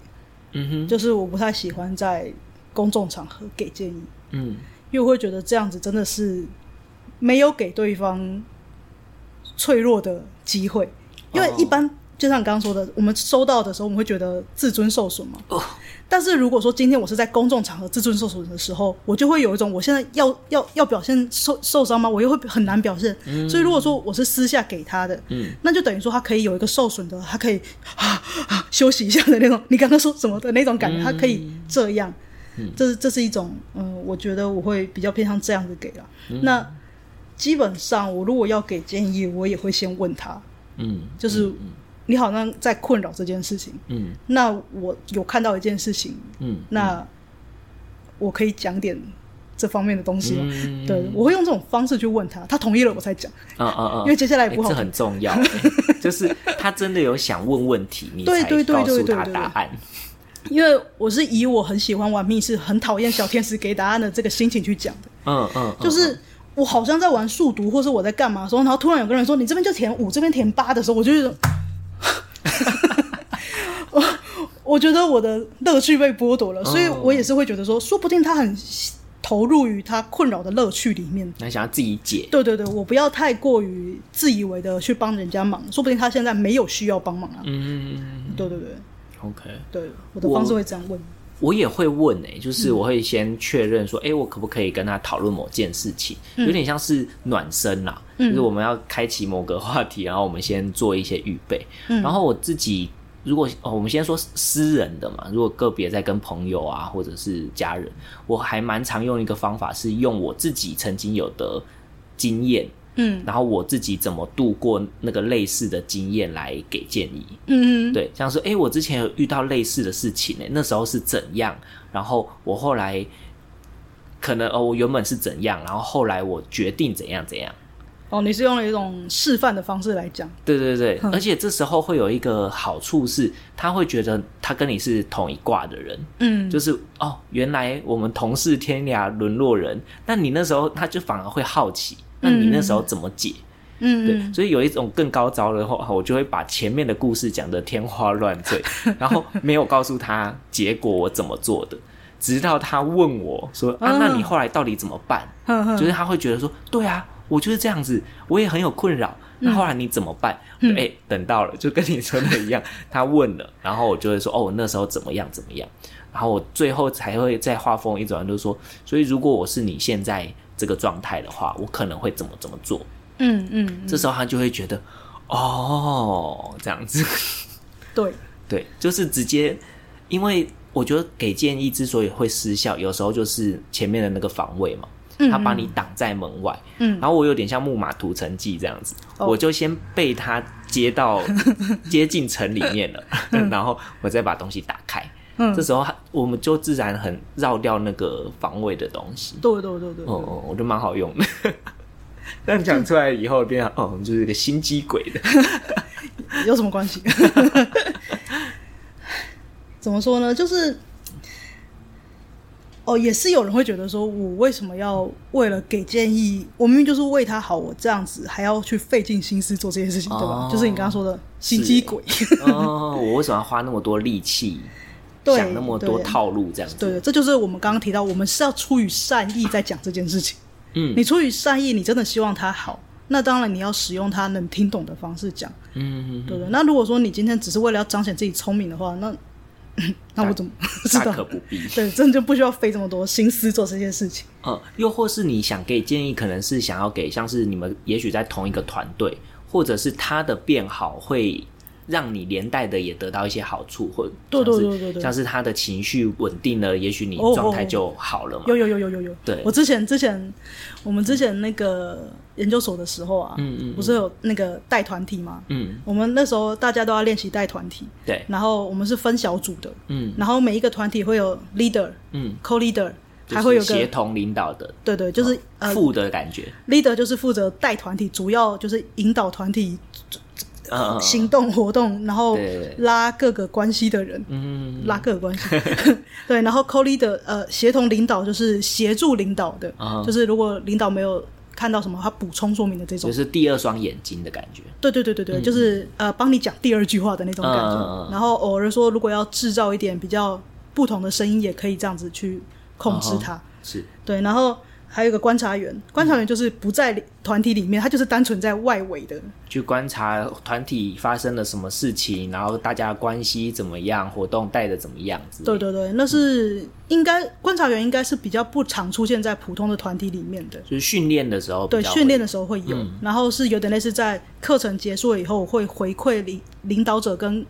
嗯哼，就是我不太喜歡在公眾場合給建議。嗯，因為我會覺得這樣子真的是沒有給對方脆弱的機會，哦。因為一般。就像你剛剛說的，我們收到的時候，我們會覺得自尊受損嘛。Oh. 但是如果說今天我是在公眾場合自尊受損的時候，我就會有一種我現在要要要表現受受傷嗎？我又會很難表現。嗯、所以如果說我是私下給他的，嗯、那就等於說他可以有一個受損的，他可以、嗯、啊啊休息一下的那種。你剛剛說什麼的那種感覺，嗯、他可以這樣。嗯、這是這是一種嗯，我覺得我會比較偏向這樣子給了。嗯、那基本上我如果要給建議，我也會先問他。嗯。就是。你好像在困擾這件事情，嗯，那我有看到一件事情，嗯，那我可以講點這方面的東西嗎？嗯、對，我會用這種方式去問他，他同意了我才講，嗯、因為接下來不好、嗯嗯欸，這很重要，欸， 就是他真的有想問問題， 你才對對對對，告訴他答案，因為我是以我很喜歡玩密室，很討厭小天使給答案的這個心情去講的，嗯嗯，嗯就是我好像在玩數獨或者我在幹嘛的時候，然後突然有個人說你這邊就填五，這邊填八的時候，我就。 我我覺得我的樂趣被剝奪了，所以我也是會覺得說，說不定他很投入於他困擾的樂趣裡面，那想要自己解。對對對，我不要太過於自以為的去幫人家忙，說不定他現在沒有需要幫忙啊。嗯嗯嗯，對對對。OK，對，我的方式會這樣問。我，我也會問哎、欸，就是我會先確認說，哎、嗯欸，我可不可以跟他討論某件事情？有點像是暖身啦、啊。就是我們要開啟某個話題，嗯、然後我們先做一些預備。嗯，然後我自己，如果、哦、我們先說私人的嘛，如果個別在跟朋友啊，或者是家人，我還蠻常用一個方法，是用我自己曾經有的經驗，嗯，然後我自己怎麼度過那個類似的經驗來給建議，嗯哼，對，像說，哎，我之前有遇到類似的事情、欸，呢，那時候是怎樣？然後我後來可能哦，我原本是怎樣？然後後來我決定怎樣怎樣。哦，你是用了一種示範的方式來講，對對對，呵而且這時候會有一個好處是，他會覺得他跟你是同一掛的人，嗯，就是哦，原來我們同是天涯淪落人。那你那時候他就反而會好奇，那你那時候怎麼解？嗯,嗯,嗯,嗯對，所以有一種更高招的話，我就會把前面的故事講得天花亂墜， 然後沒有告訴他結果我怎麼做的，直到他問我說：“啊，哦、啊那你後來到底怎麼辦？”呵呵就是他會覺得說：“對啊。”我就是這樣子，我也很有困擾。嗯、那後來你怎麼辦？哎、嗯欸，等到了就跟你說的一樣，嗯、他問了，然後我就會說，哦，那時候怎麼樣怎麼樣。然後我最後才會再畫風一轉，就是、說：所以如果我是你現在這個狀態的話，我可能會怎麼怎麼做？嗯嗯，嗯這時候他就會覺得、嗯、哦，這樣子。 對對，就是直接，因為我覺得給建議之所以會失效，有時候就是前面的那個防衛嘛。他把你擋在門外，嗯，嗯，然後我有點像木馬屠城記這樣子，嗯、我就先被他接到接進城裡面了， 嗯、然後我再把東西打開，嗯，這時候我們就自然很繞掉那個防衛的東西，對對對對，哦，我就蠻好用的。但 你講出來以後，變成 哦，你就是一個心機鬼的， 有什麼關係？ 怎麼說呢？就是。哦，也是有人會覺得說，我為什麼要為了給建議？我明明就是為他好，我這樣子還要去費盡心思做這件事情，哦、對吧？就是你剛剛說的心機鬼。耶 哦，我為什麼要花那麼多力氣講對那麼多套路這樣子？對，對，這就是我們剛剛提到，我們是要出於善意在講這件事情。嗯，你出於善意，你真的希望他好，那當然你要使用他能聽懂的方式講。嗯哼哼，對不對，對？那如果說你今天只是為了要彰顯自己聰明的話，那那但我怎麼知道？大可不必 對，真的就不需要費這麼多心思做這件事情。 嗯，又或是你想給建議，可能是想要給像是你們，也許在同一個團隊，或者是他的變好會。讓你連帶的也得到一些好處，或對對，像是他的情緒穩定了，也許你狀態就好了嘛。有有有有有有。對，我之前之前我們之前那個研究所的時候啊，嗯嗯，不是有那個帶團體嘛，嗯，我們那時候大家都要練習帶團體，對，然後我們是分小組的，嗯，然後每一個團體會有 leader，嗯，co-leader，還會有個協同領導的，對對，就是副的感覺，leader 就是負責帶團體，主要就是引導團體。Uh huh. 行動活動，然後拉各個關係的人，嗯對，拉各個關係，mm hmm. 對，然後 c o l l i 的呃協同領導就是協助領導的，uh huh. 就是如果領導沒有看到什麼，他補充說明的這種，就是第二雙眼睛的感覺。對對對對對，嗯、就是呃幫你講第二句話的那種感覺。Uh huh. 然後偶爾說，如果要製造一點比較不同的聲音，也可以這樣子去控制它。Uh huh. 是，對，然後。還有一個觀察員，觀察員就是不在團體裡面，他就是單純在外圍的去觀察團體發生了什麼事情，然後大家關係怎麼樣，活動帶的怎麼樣子。對對對，那是應該、嗯、觀察員應該是比較不常出現在普通的團體裡面的，就是訓練的時候，對，訓練的時候會有，嗯、然後是有點類似在課程結束以後會回饋領領導者跟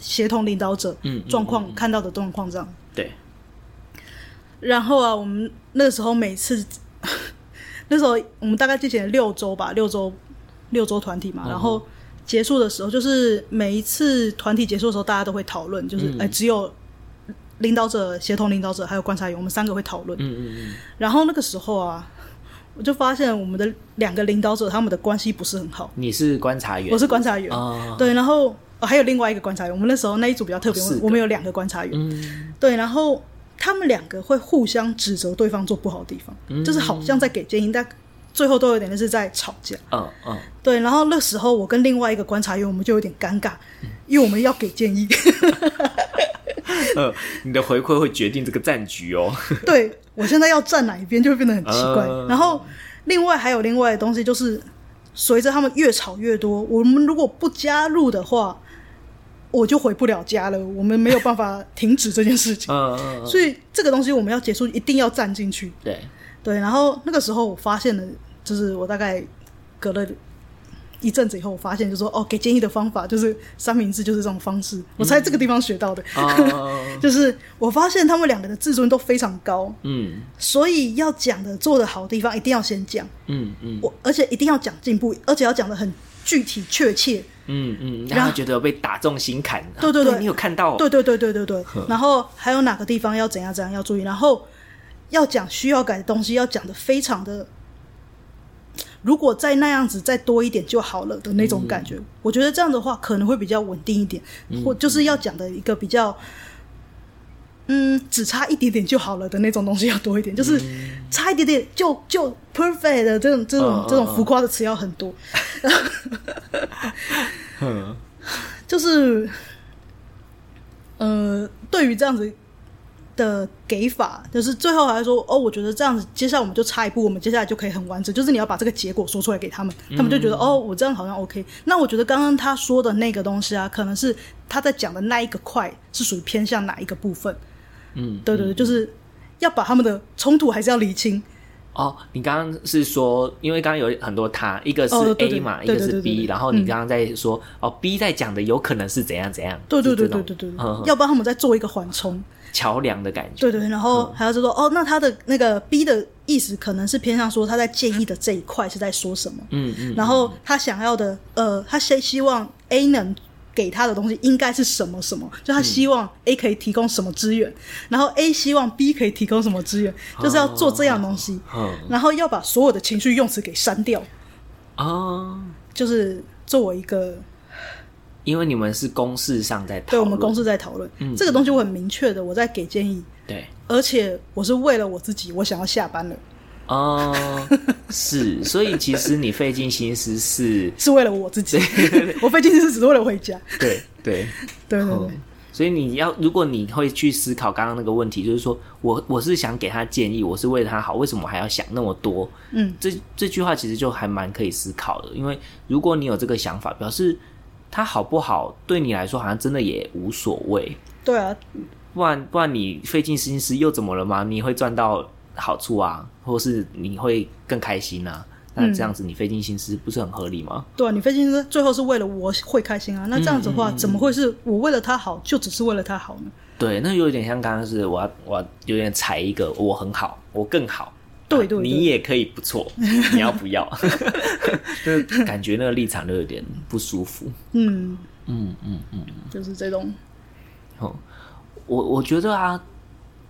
協同領導者嗯，狀況看到的狀況這樣。嗯嗯嗯嗯，對。然後啊，我們那個時候每次， 那時候我們大概進行了六周吧，六周六周團體嘛。嗯、然後結束的時候，就是每一次團體結束的時候，大家都會討論，就是、嗯、哎，只有領導者、協同領導者還有觀察員，我們三個會討論。嗯嗯嗯。然後那個時候啊，我就發現我們的兩個領導者他們的關係不是很好。你是觀察員，我是觀察員。哦、對，然後、哦、還有另外一個觀察員。我們那時候那一組比較特別，我們、哦、我們有兩個觀察員。嗯、對，然後。他們兩個會互相指責對方做不好的地方，就是好像在給建議，嗯、但最後都有點就是在吵架。嗯、嗯，對。然後那時候我跟另外一個觀察員，我們就有點尷尬，嗯、因為我們要給建議。 呃、你的回饋會決定這個戰局哦。 對，我現在要站哪一邊就會變得很奇怪。嗯、然後另外還有另外的東西，就是隨着他們越吵越多，我們如果不加入的話。我就回不了家了，我們沒有辦法停止這件事情， uh, 所以這個東西我們要結束，一定要站進去。對對，然後那個時候我發現了，就是我大概隔了一陣子以後，我發現就是說哦，給建議的方法就是三明治，就是這種方式，嗯、我才在這個地方學到的。Uh, 就是我發現他們兩個的自尊都非常高，嗯，所以要講的做的好地方，一定要先講，嗯嗯，嗯我而且一定要講進步，而且要講的很具體確切。嗯嗯，然後覺得被打中心坎了，對對對、啊、對，你有看到哦？對對對對對對。呵然後還有哪個地方要怎樣怎樣要注意？然後要講需要改的東西要講的非常的，如果再那樣子再多一點就好了的那種感覺。嗯、我覺得這樣的話可能會比較穩定一點，嗯、或就是要講的一個比較。嗯，只差一點點就好了的那種東西要多一點，就是差一點點就就 perfect 的這種這種這種浮誇的詞要很多。 就是呃，對於這樣子的給法，就是最後還是說哦，我覺得這樣子，接下來我們就差一步，我們接下來就可以很完整。就是你要把這個結果說出來給他們，他們就覺得哦，我這樣好像 OK。那我覺得剛剛他說的那個東西啊，可能是他在講的那一個塊是屬於偏向哪一個部分？嗯，對對對，就是要把他們的衝突還是要理清。哦，你剛剛是說，因為剛剛有很多他，一個是 A 嘛，一個是 B，然後你剛剛在說，哦 B 在講的有可能是怎樣怎樣，對對對對對對，要幫他們再做一個緩衝橋樑的感覺。對對，然後還有就說，哦，那他的那個 B 的意思可能是偏向說他在建議的這一塊是在說什麼，嗯，然後他想要的，呃，他希希望 A 能。給他的東西應該是什麼什麼？就他希望 A 可以提供什麼資源，嗯、然後 A 希望 B 可以提供什麼資源，就是要做這樣東西。哦嗯、然後要把所有的情緒用詞給刪掉啊！哦、就是作為一個，因為你們是公事上在討論，對我們公事在討論、嗯、這個東西，我很明確的，我在給建議。對，而且我是為了我自己，我想要下班了。啊，uh, 是，所以其實你費盡心思是 是為了我自己，對對對對 我費盡心思只是為了回家。 對，對， 對對對、嗯，所以你要，如果你會去思考剛剛那個問題，就是說我我是想給他建議，我是為了他好，為什麼還要想那麼多？嗯，這這句話其實就還蠻可以思考的，因為如果你有這個想法，表示他好不好對你來說好像真的也無所謂。對啊，不然不然你費盡心思又怎麼了嗎？你會賺到好處啊，或是你會更開心啊。那、嗯、這樣子你費盡心思不是很合理嗎？對啊，你費盡心思，最後是為了我會開心啊。嗯、那這樣子的話，嗯嗯、怎麼會是我為了他好，就只是為了他好呢？對，那有點像剛剛是，我要我要有點踩一個，我很好，我更好。對,對對，你也可以不錯，你要不要？ 就是感覺那個立場就有點不舒服。嗯嗯嗯嗯，嗯嗯就是這種。我我覺得啊。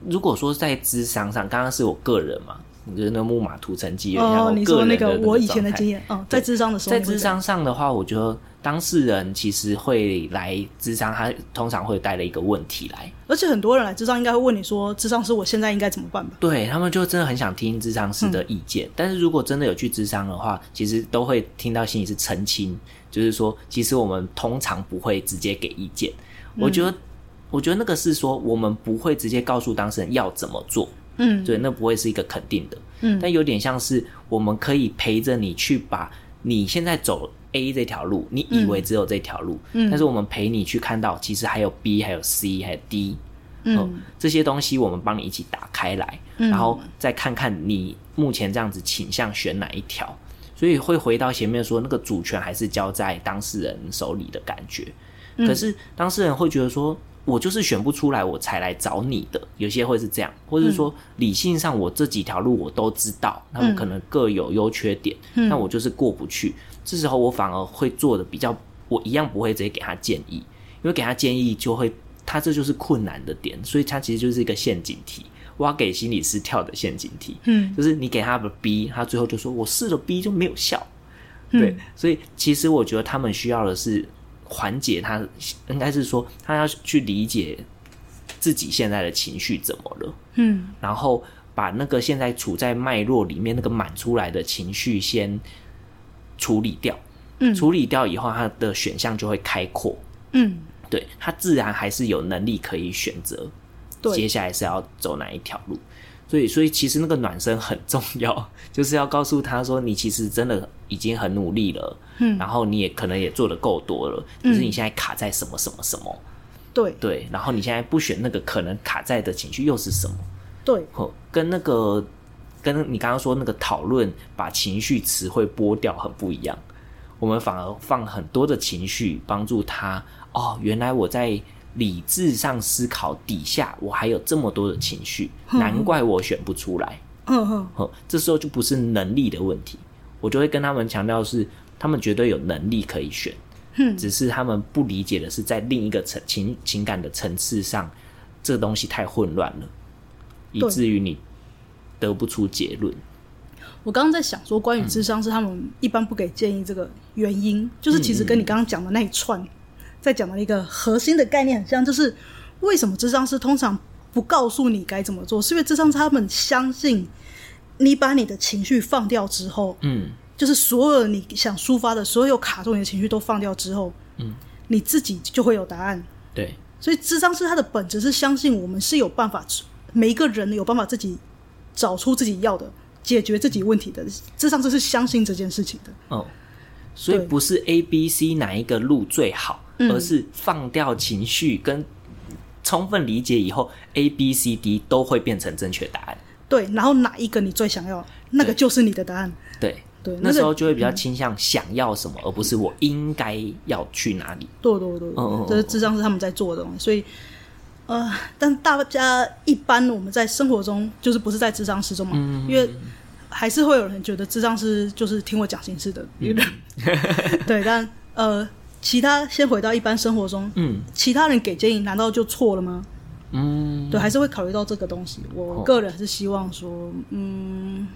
如果說在諮商上，剛剛是我個人嘛，就是得那木馬屠城記，哦，我你說那個我以前的經驗，哦、啊，在諮商的時候，在諮商上的話，我覺得當事人其實會來諮商，他通常會帶了一個問題來，而且很多人來諮商應該會問你說，諮商是我現在應該怎麼辦吧？對，他們就真的很想聽諮商師的意見，嗯、但是如果真的有去諮商的話，其實都會聽到心裡是澄清，就是說其實我們通常不會直接給意見，嗯、我覺得。我覺得那個是說，我們不會直接告訴當事人要怎麼做，嗯，對，那不會是一個肯定的，嗯，但有點像是我們可以陪着你去把你現在走 A 這條路，你以為只有這條路，嗯，嗯，但是我們陪你去看到，其實還有 B，還有 C，還有 D，嗯，這些東西我們幫你一起打開來，嗯，然後再看看你目前這樣子傾向選哪一條，所以會回到前面說，那個主權還是交在當事人手裡的感覺，可是當事人會覺得說。我就是選不出來，我才來找你的。有些會是這樣，或者說理性上我這幾條路我都知道，他們、嗯、可能各有優缺點，那、嗯、我就是過不去。這時候我反而會做的比較，我一樣不會直接給他建議，因為給他建議就會，他這就是困難的點，所以他其實就是一個陷阱題，挖給心理師跳的陷阱題。嗯，就是你給他的 B，他最後就說我試了 B 就沒有效。對，嗯、所以其實我覺得他們需要的是。緩解他應該是說，他要去理解自己現在的情緒怎麼了，嗯，然後把那個現在處在脈絡裡面那個滿出來的情緒先處理掉，嗯，處理掉以後他的選項就會開闊，嗯，對，他自然還是有能力可以選擇，接下來是要走哪一條路，所以所以其實那個暖身很重要，就是要告訴他說你其實真的，已經很努力了，嗯，然後你也可能也做得夠多了，就、嗯、是你現在卡在什麼什麼什麼，對對，然後你現在不選那個可能卡在的情緒又是什麼？對，跟那個跟你剛剛說那個討論把情緒詞彙剝掉很不一樣，我們反而放很多的情緒幫助他。哦，原來我在理智上思考底下我還有這麼多的情緒，呵呵難怪我選不出來。嗯嗯呵，這時候就不是能力的問題。我就會跟他們強調是他們絕對有能力可以選，嗯，只是他們不理解的是在另一個層情情感的層次上，這個東西太混亂了，對以至於你得不出結論。我剛剛在想說，關於諮商師他們一般不給建議這個原因，嗯、就是其實跟你剛剛講的那一串、嗯、在講的一個核心的概念很像，就是為什麼諮商師通常不告訴你該怎麼做，是因為諮商師他們相信。你把你的情緒放掉之後，嗯，就是所有你想抒發的所有卡住你的情緒都放掉之後，嗯，你自己就會有答案。對，所以諮商是它的本質是相信我們是有辦法，每一個人有辦法自己找出自己要的，解決自己問題的。諮、嗯、商是是相信這件事情的。哦，所以不是 A B C 哪一個路最好，對而是放掉情緒跟、嗯、充分理解以後，A B C D 都會變成正確答案。對，然後哪一個你最想要？那個就是你的答案。對對，對對那個、那時候就會比較傾向想要什麼，嗯、而不是我應該要去哪裡。對對對，就、嗯、是諮商是他們在做的東西，所以呃，但大家一般我們在生活中就是不是在諮商室中嘛，嗯、哼因為還是會有人覺得諮商室就是聽我講心事的。對，但呃，其他先回到一般生活中，嗯，其他人給建議難道就錯了嗎？嗯，對，還是會考慮到這個東西。我個人是希望說，哦、嗯，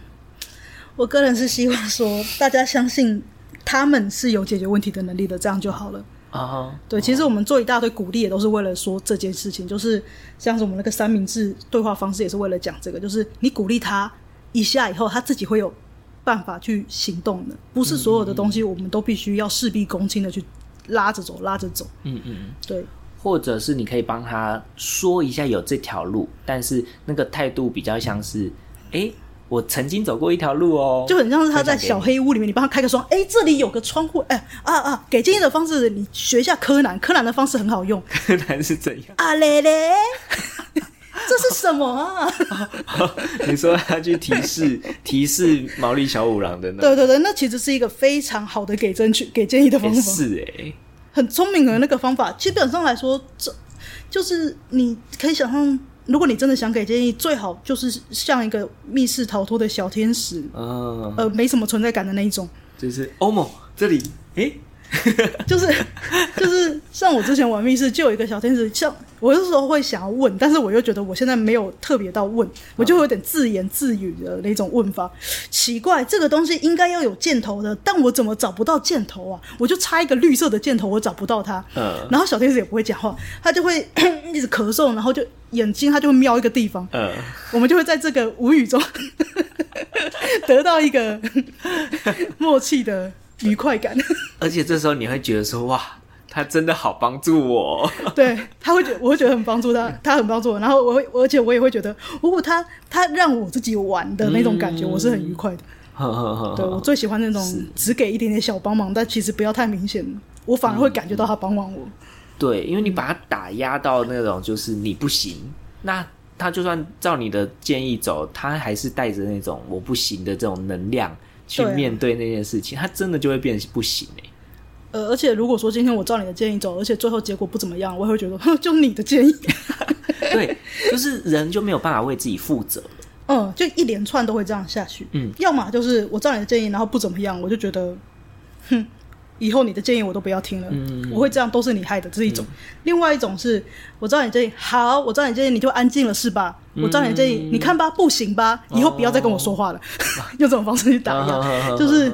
我個人是希望說，大家相信他們是有解決問題的能力的，這樣就好了啊。哦、對，哦、其實我們做一大堆鼓勵，也都是為了說這件事情，就是像是我們那個三明治對話方式，也是為了講這個，就是你鼓勵他一下以後，他自己會有辦法去行動的，不是所有的東西我們都必須要事必躬親的去拉着走，拉着走。嗯嗯嗯，對。或者是你可以幫他說一下有這條路，但是那個態度比較像是，哎、欸，我曾經走過一條路哦、喔，就很像是他在小黑屋裡面，你幫他開個窗，哎、欸，這裡有個窗戶，哎、欸，啊啊，給建議的方式，你學一下柯南，柯南的方式很好用。柯南是怎樣？啊嘞雷嘞， 這是什麼、啊哦哦？你說他去提示提示毛利小五郎的呢？對對對，那其實是一個非常好的給給建議的方式，哎、欸。很聰明的那個方法，基本上來說，這就是你可以想象，如果你真的想給建議，最好就是像一個密室逃脫的小天使，呃，嗯、沒什麼存在感的那一種，就是歐、哦，某這裡，誒、欸， 就是就是像我之前玩密室就有一個小天使像。我有時候會想要問，但是我又覺得我現在沒有特別到問，我就會有點自言自語的那種問法。嗯、奇怪，這個東西應該要有箭頭的，但我怎麼找不到箭頭啊？我就插一個綠色的箭頭，我找不到它。嗯。然後小天使也不會講話，他就會一直咳嗽，然後就眼睛他就會瞄一個地方。嗯。我們就會在這個無語中， 得到一個 默契的愉快感。而且這時候你會覺得說哇。他真的好幫助我， 對，他會覺得我會覺得很幫助他，他很幫助我。然後我會，而且我也會覺得，如果他他讓我自己玩的那種感覺，嗯、我是很愉快的。嗯、呵呵呵。對，我最喜歡那種是只給一點點小幫忙，但其實不要太明顯，我反而會感覺到他幫忙我、嗯。對，因為你把他打壓到那種就是你不行，嗯、那他就算照你的建議走，他還是帶着那種我不行的這種能量去面對那件事情，啊、他真的就會變不行誒、欸。呃，而且如果說今天我照你的建議走，而且最後結果不怎麼樣，我也會覺得，哼，就你的建議。 對，就是人就沒有辦法為自己負責。 嗯，就一連串都會這樣下去。嗯，要麼就是我照你的建議，然後不怎麼樣，我就覺得，哼，以後你的建議我都不要聽了。嗯，我會這樣，都是你害的，這是一種。嗯、另外一種是，我照你的建議，好，我照你的建議你就安靜了是吧？嗯、我照你的建議，你看吧，不行吧？以後不要再跟我說話了，哦、 用這種方式去打壓，哦、就是。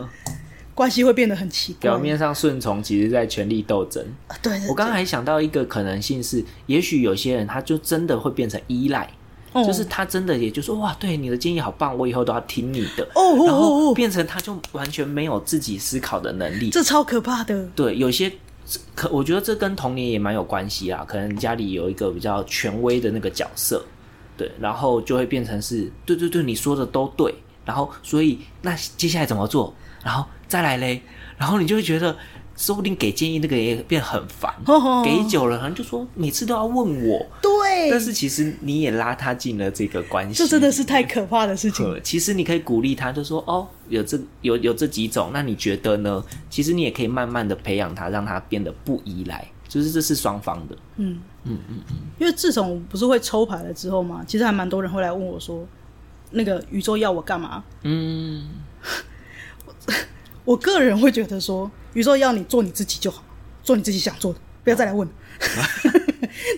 關係會變得很奇怪。表面上順從，其實在權力鬥爭。對，我剛剛還想到一個可能性是，也許有些人他就真的會變成依賴，就是他真的也就是說，哇，對你的建議好棒，我以後都要聽你的。哦，然後變成他就完全沒有自己思考的能力，這超可怕的。對，有些可我覺得這跟童年也蠻有關係啊，可能家裡有一個比較權威的那個角色，對，然後就會變成是，對對對，你說的都對，然後所以那接下來怎麼做？然後。再來嘞，然後你就會覺得，說不定給建議那個也變得很煩，oh, oh, oh. 給久了，好像就說每次都要問我。對，但是其實你也拉他進了這個關係，這真的是太可怕的事情。其實你可以鼓勵他，就說哦，有這有有這幾種，那你覺得呢？其實你也可以慢慢的培養他，讓他變得不依賴，就是這是雙方的。嗯嗯嗯嗯，嗯嗯嗯因為自從不是會抽牌了之後嘛，其實還蠻多人會來問我說，說那個宇宙要我幹嘛？嗯。 我個人會覺得說，宇宙要你做你自己就好，做你自己想做的，不要再來問。啊啊、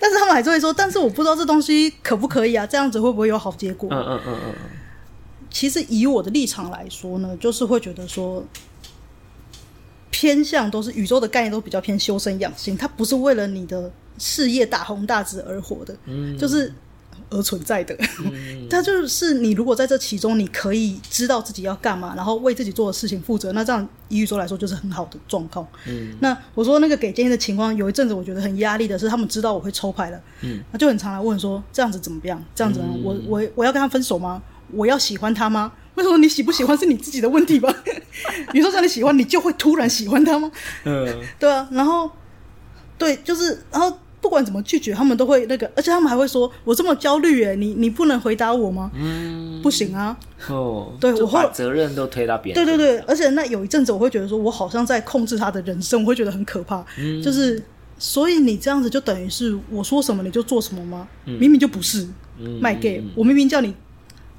但是他們還是會說，但是我不知道這東西可不可以啊？這樣子會不會有好結果？啊啊啊啊、其實以我的立場來說呢，就是會覺得說，偏向都是宇宙的概念都比較偏修身養性，它不是為了你的事業大紅大紫而活的，嗯、就是。而存在的， 他就是你。如果在這其中，你可以知道自己要幹嘛，然後為自己做的事情負責，那這樣以宇宙來說就是很好的狀況。嗯，那我說那個給建議的情況，有一陣子我覺得很壓力的是，他們知道我會抽牌了，嗯，那就很常來問說這樣子怎麼樣？這樣子呢？’‘嗯、我我我要跟他分手嗎？我要喜歡他嗎？為什麼你喜不喜歡是你自己的問題吧。嗯、 你說讓你喜歡，你就會突然喜歡他嗎？嗯、呃， 對啊。然後對，就是然後。不管怎麼拒絕，他們都會那個，而且他們還會說：“我這麼焦慮，哎，你你不能回答我嗎？”嗯，不行啊。哦，對，我會把責任都推到別人。對對對，而且那有一陣子，我會覺得說，我好像在控制他的人生，我會覺得很可怕。嗯，就是，所以你這樣子就等於是我說什麼你就做什麼嗎？嗯，明明就不是，賣 gay，我明明叫你。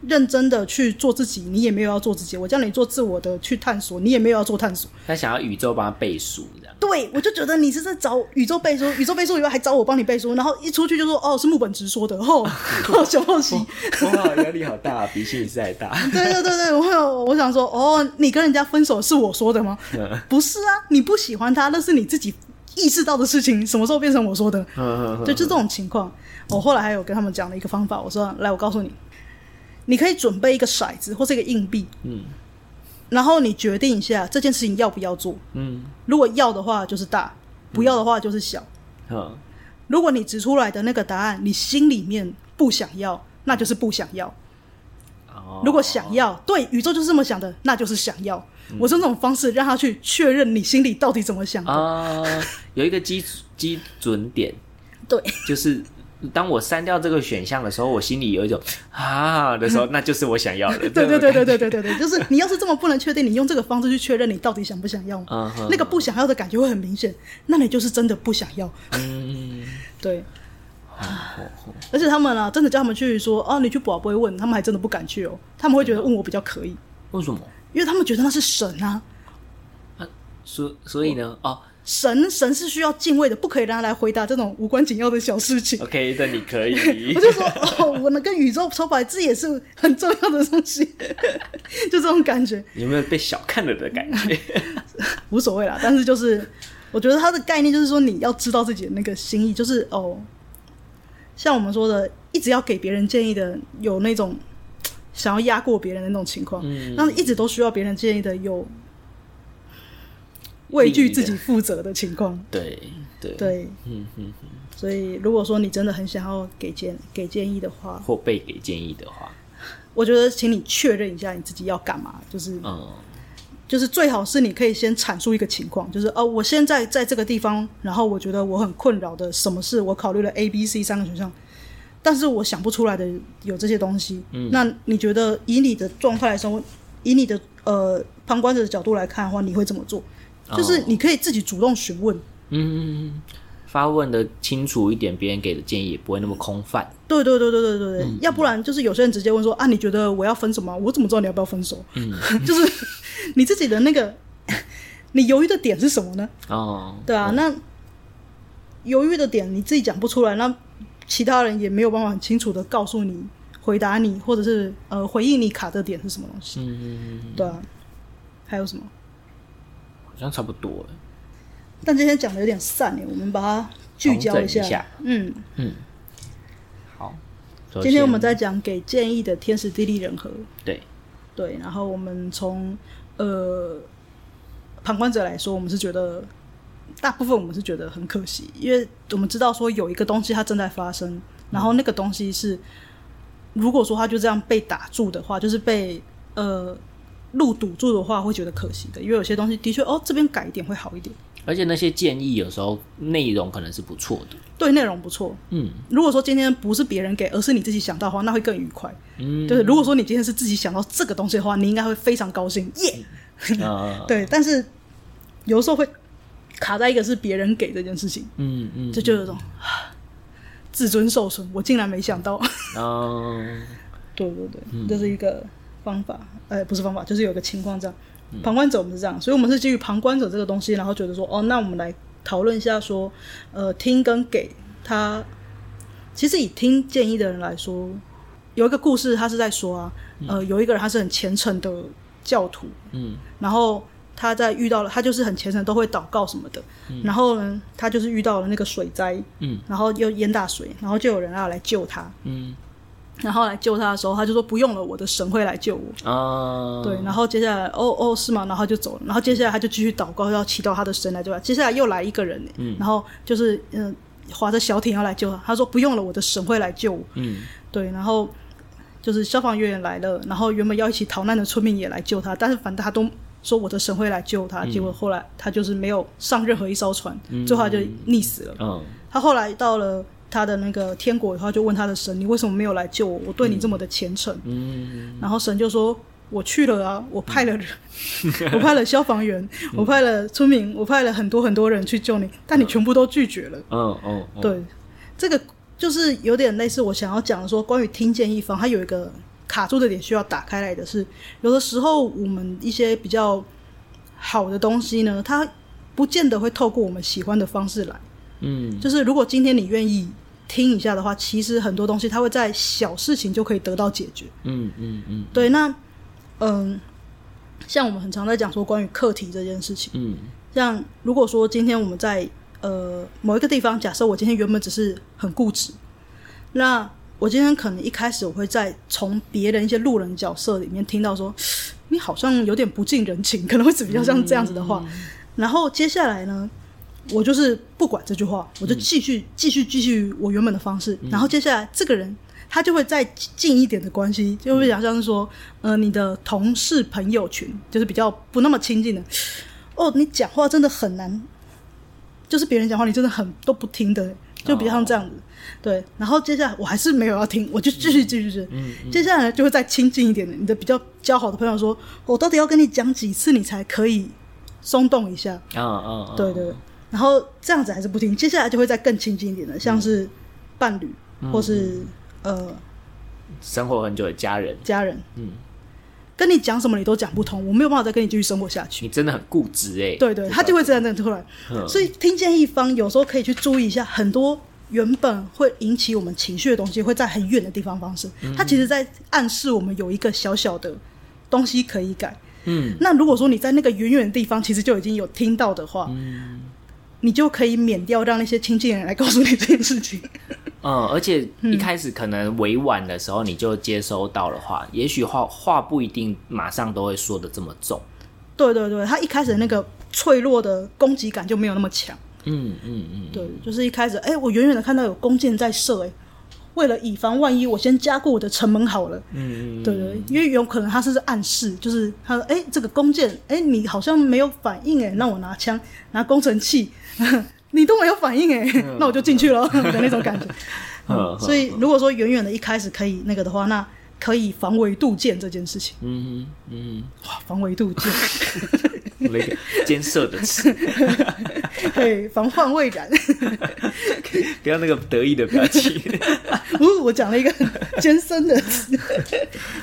認真的去做自己，你也沒有要做自己。我叫你做自我的去探索，你也沒有要做探索。他想要宇宙幫他背書這樣，這對，我就覺得你是在找宇宙背書，宇宙背書以外還找我幫你背書，然後一出去就說哦，是木本直說的，吼、哦，小好琪，哇，壓力好大，比心比塞大。對對對對，我我想說，哦，你跟人家分手是我說的嗎？ 不是啊，你不喜歡他，那是你自己意識到的事情，什麼時候變成我說的？ 對，就這種情況，我後來還有跟他們講了一個方法，我說、啊，來，我告訴你。你可以準備一個骰子或者一個硬幣，嗯，然後你決定一下這件事情要不要做，嗯，如果要的話就是大，不要的話就是小，嗯，如果你指出來的那個答案你心裡面不想要，那就是不想要，哦，如果想要，對宇宙就是這麼想的，那就是想要。嗯，我是用這種方式讓他去確認你心裡到底怎麼想的，啊，有一個基基準點，對，就是。當我刪掉這個選項的時候，我心裡有一種啊的時候，那就是我想要的。 對對對對對對對， 就是你要是這麼不能確定，你用這個方式去確認你到底想不想要，嗯、哼哼那個不想要的感覺會很明顯，那你就是真的不想要。嗯，對。哼哼哼而且他們啊，真的叫他們去說啊，你去寶不會問，他們還真的不敢去哦，他們會覺得問我比較可以。嗯、為什麼？因為他們覺得那是神啊。啊，所以所以呢，我哦。神神是需要敬畏的，不可以讓他來回答這種無關緊要的小事情。OK，那你可以。 我就說哦，我能跟宇宙說白，這也是很重要的東西， 就這種感覺。有沒有被小看了的感覺？嗯、無所謂啦，但是就是我覺得他的概念就是說，你要知道自己的那個心意，就是哦，像我們說的，一直要給別人建議的，有那種想要壓過別人的那種情況，那、嗯、一直都需要別人建議的有。畏懼自己負責的情況，對對對，嗯嗯。所以，如果說你真的很想要給建給建議的話，或被給建議的話，我覺得，請你確認一下你自己要幹嘛，就是嗯，就是最好是你可以先闡述一個情況，就是哦，我現在在這個地方，然後我覺得我很困擾的什麼事，我考慮了 A、B、C 三個選項，但是我想不出來的有這些東西。嗯，那你覺得以你的狀態來說，以你的呃旁觀者的角度來看的話，你會怎麼做？就是你可以自己主動詢問、哦，嗯，發問的清楚一點，別人給的建議也不會那麼空泛。對對對對對對、嗯、要不然就是有些人直接問說、嗯、啊，你覺得我要分什麼、啊？我怎麼知道你要不要分手？嗯， 就是你自己的那個，你猶豫的點是什麼呢？哦，對啊，嗯、那猶豫的點你自己講不出來，那其他人也沒有辦法很清楚的告訴你回答你，或者是呃回應你卡的點是什麼東西。嗯嗯，對啊，還有什麼？好像差不多了，但今天講的有點散，欸，我們把它聚焦一下。嗯嗯，嗯，好，今天我們在講給建議的天時地利人和。對對，然後我們從呃旁觀者來說，我們是覺得大部分我們是覺得很可惜，因為我們知道說有一個東西它正在發生，然後那個東西是，嗯，如果說它就這樣被打住的話，就是被呃。路堵住的話，會覺得可惜的，因為有些東西的確哦，這邊改一點會好一點。而且那些建議有時候內容可能是不錯的，對，內容不錯。嗯，如果說今天不是別人給，而是你自己想到的話，那會更愉快。嗯，就是如果說你今天是自己想到這個東西的話，你應該會非常高興，耶、yeah! 嗯！ 對，嗯、但是有的時候會卡在一個是別人給這件事情，嗯嗯，這、嗯、就，就有一種自尊受損，我竟然沒想到。啊、嗯， 對對對，這、嗯、是一個方法，哎、呃，不是方法，就是有個情況這樣，嗯、旁觀者我們是這樣，所以我們是基於旁觀者這個東西，然後覺得說，哦，那我們來討論一下說，呃，聽跟給他，其實以聽建議的人來說，有一個故事，他是在說啊，嗯、呃，有一個人他是很虔誠的教徒，嗯，然後他在遇到了，他就是很虔誠，都會禱告什麼的，嗯、然後呢，他就是遇到了那個水災，嗯，然後又淹大水，然後就有人要來救他，嗯。然後來救他的時候，他就說：“不用了，我的神會來救我。”啊、oh. 對。然後接下來，哦哦，是嗎？然後就走了。然後接下來，他就繼續禱告，要祈禱他的神來救他。接下來又來一個人，嗯、然後就是嗯，劃、呃、着小艇要來救他。他說：“不用了，我的神會來救我。”嗯，對。然後就是消防員來了，然後原本要一起逃難的村民也來救他，但是反正他都說我的神會來救他。嗯、結果後來他就是沒有上任何一艘船，嗯、最後他就溺死了。Oh. 他後來到了。他的那個天國的話就問他的神：“你為什麼沒有來救我？我對你這麼的虔誠。”嗯嗯嗯、然後神就說：“我去了啊，我派了人，嗯、 我派了消防員，嗯、我派了村民，我派了很多很多人去救你，但你全部都拒絕了。”哦哦，對，這個就是有點類似我想要講的，說關於聽見一方，它有一個卡住的點需要打開來的是，有的時候我們一些比較好的東西呢，它不見得會透過我們喜歡的方式來。嗯，就是如果今天你願意聽一下的話，其實很多東西它會在小事情就可以得到解決。嗯嗯嗯，嗯嗯對，那嗯，像我們很常在講說關於課題這件事情。嗯，像如果說今天我們在呃某一個地方，假設我今天原本只是很固執，那我今天可能一開始我會在從別人一些路人角色裡面聽到說，你好像有點不近人情，可能會是比較像這樣子的話，嗯嗯嗯、然後接下來呢？我就是不管這句話，我就繼續繼、嗯、續繼續我原本的方式。嗯、然後接下來這個人，他就會再近一點的關係，就會想象是說，嗯、呃，你的同事朋友群就是比較不那麼親近的。哦，你講話真的很難，就是別人講話你真的很都不聽的，就比較像這樣子。哦哦對，然後接下來我還是沒有要聽，我就繼續繼續嗯。嗯，嗯接下來就會再親近一點的，你的比較交好的朋友說，我到底要跟你講幾次你才可以鬆動一下？啊啊、哦哦哦哦，對對。然後這樣子還是不聽，接下來就會再更親近一點的，像是伴侶或是呃，生活很久的家人。家人，嗯，跟你講什麼你都講不通，我沒有辦法再跟你繼續生活下去。你真的很固執哎，對對，他就會這樣子突然。所以聽見一方有時候可以去注意一下，很多原本會引起我們情緒的東西會在很遠的地方方式。他其實在暗示我們有一個小小的東西可以改。嗯，那如果說你在那個遠遠的地方其實就已經有聽到的話。你就可以免掉讓那些親近人來告訴你這件事情。 嗯，而且一開始可能委婉的時候，你就接收到的話，嗯、也許話話不一定馬上都會說的這麼重。對對對，他一開始那個脆弱的攻擊感就沒有那麼強、嗯。嗯嗯嗯，對，就是一開始，哎、欸，我遠遠的看到有弓箭在射、欸，哎。為了以防萬一，我先加固我的城門好了。嗯，嗯，對、嗯、對，因為有可能他是在暗示，就是他說：“哎、欸，這個弓箭，哎、欸，你好像沒有反應，哎，那我拿槍拿攻城器，你都沒有反應，哎，嗯、那我就進去了的那種感覺。”所以，如果說遠遠的一開始可以那個的話，那可以防微杜漸這件事情。嗯嗯，嗯，哇，防微杜漸。 一個艱深的詞，對，防患未然。 不要那個得意的表情。不 啊、不是我我講了一個艱深的詞，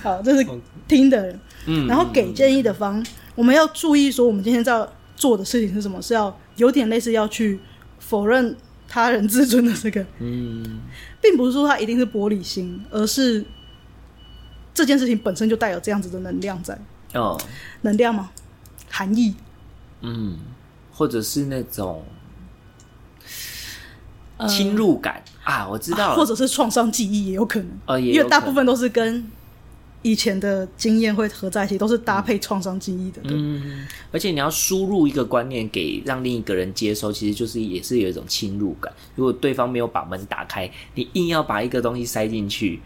好，這是聽的人。嗯，然後給建議的方，嗯、我們要注意說，我們今天在做的事情是什麼？是要有點類似要去否認他人自尊的這個。嗯，並不是說他一定是玻璃心，而是這件事情本身就帶有這樣子的能量在。哦，能量嗎？含義，嗯，或者是那種侵入感，呃、啊，我知道了，或者是創傷記憶也有可能，呃、哦，也有可能因為大部分都是跟以前的經驗會合在一起，都是搭配創傷記憶的，嗯，對嗯，而且你要輸入一個觀念給讓另一個人接收，其實就是也是有一種侵入感。如果對方沒有把門打開，你硬要把一個東西塞進去，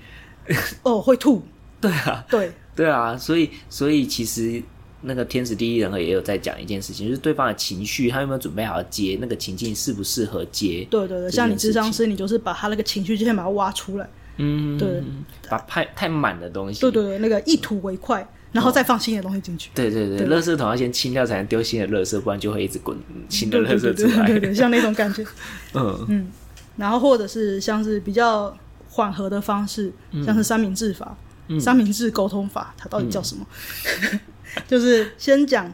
哦，會吐，對啊，對，對啊，所以，所以其實。那個天時地利人和，也有在講一件事情，就是對方的情緒，他有沒有準備好接那個情境，適不適合接？對對對，像你諮商師，你就是把他那個情緒先把它挖出來，嗯，對，把太太滿的東西，對對，對那個一吐為快，然後再放新的東西進去，哦，對對對，垃圾桶要先清掉，才能丟新的垃圾，不然就會一直滾新的垃圾出來。對對對對對，像那種感覺，嗯嗯，然後或者是像是比較緩和的方式，像是三明治法、嗯、三明治溝通法，它到底叫什麼？嗯就是先講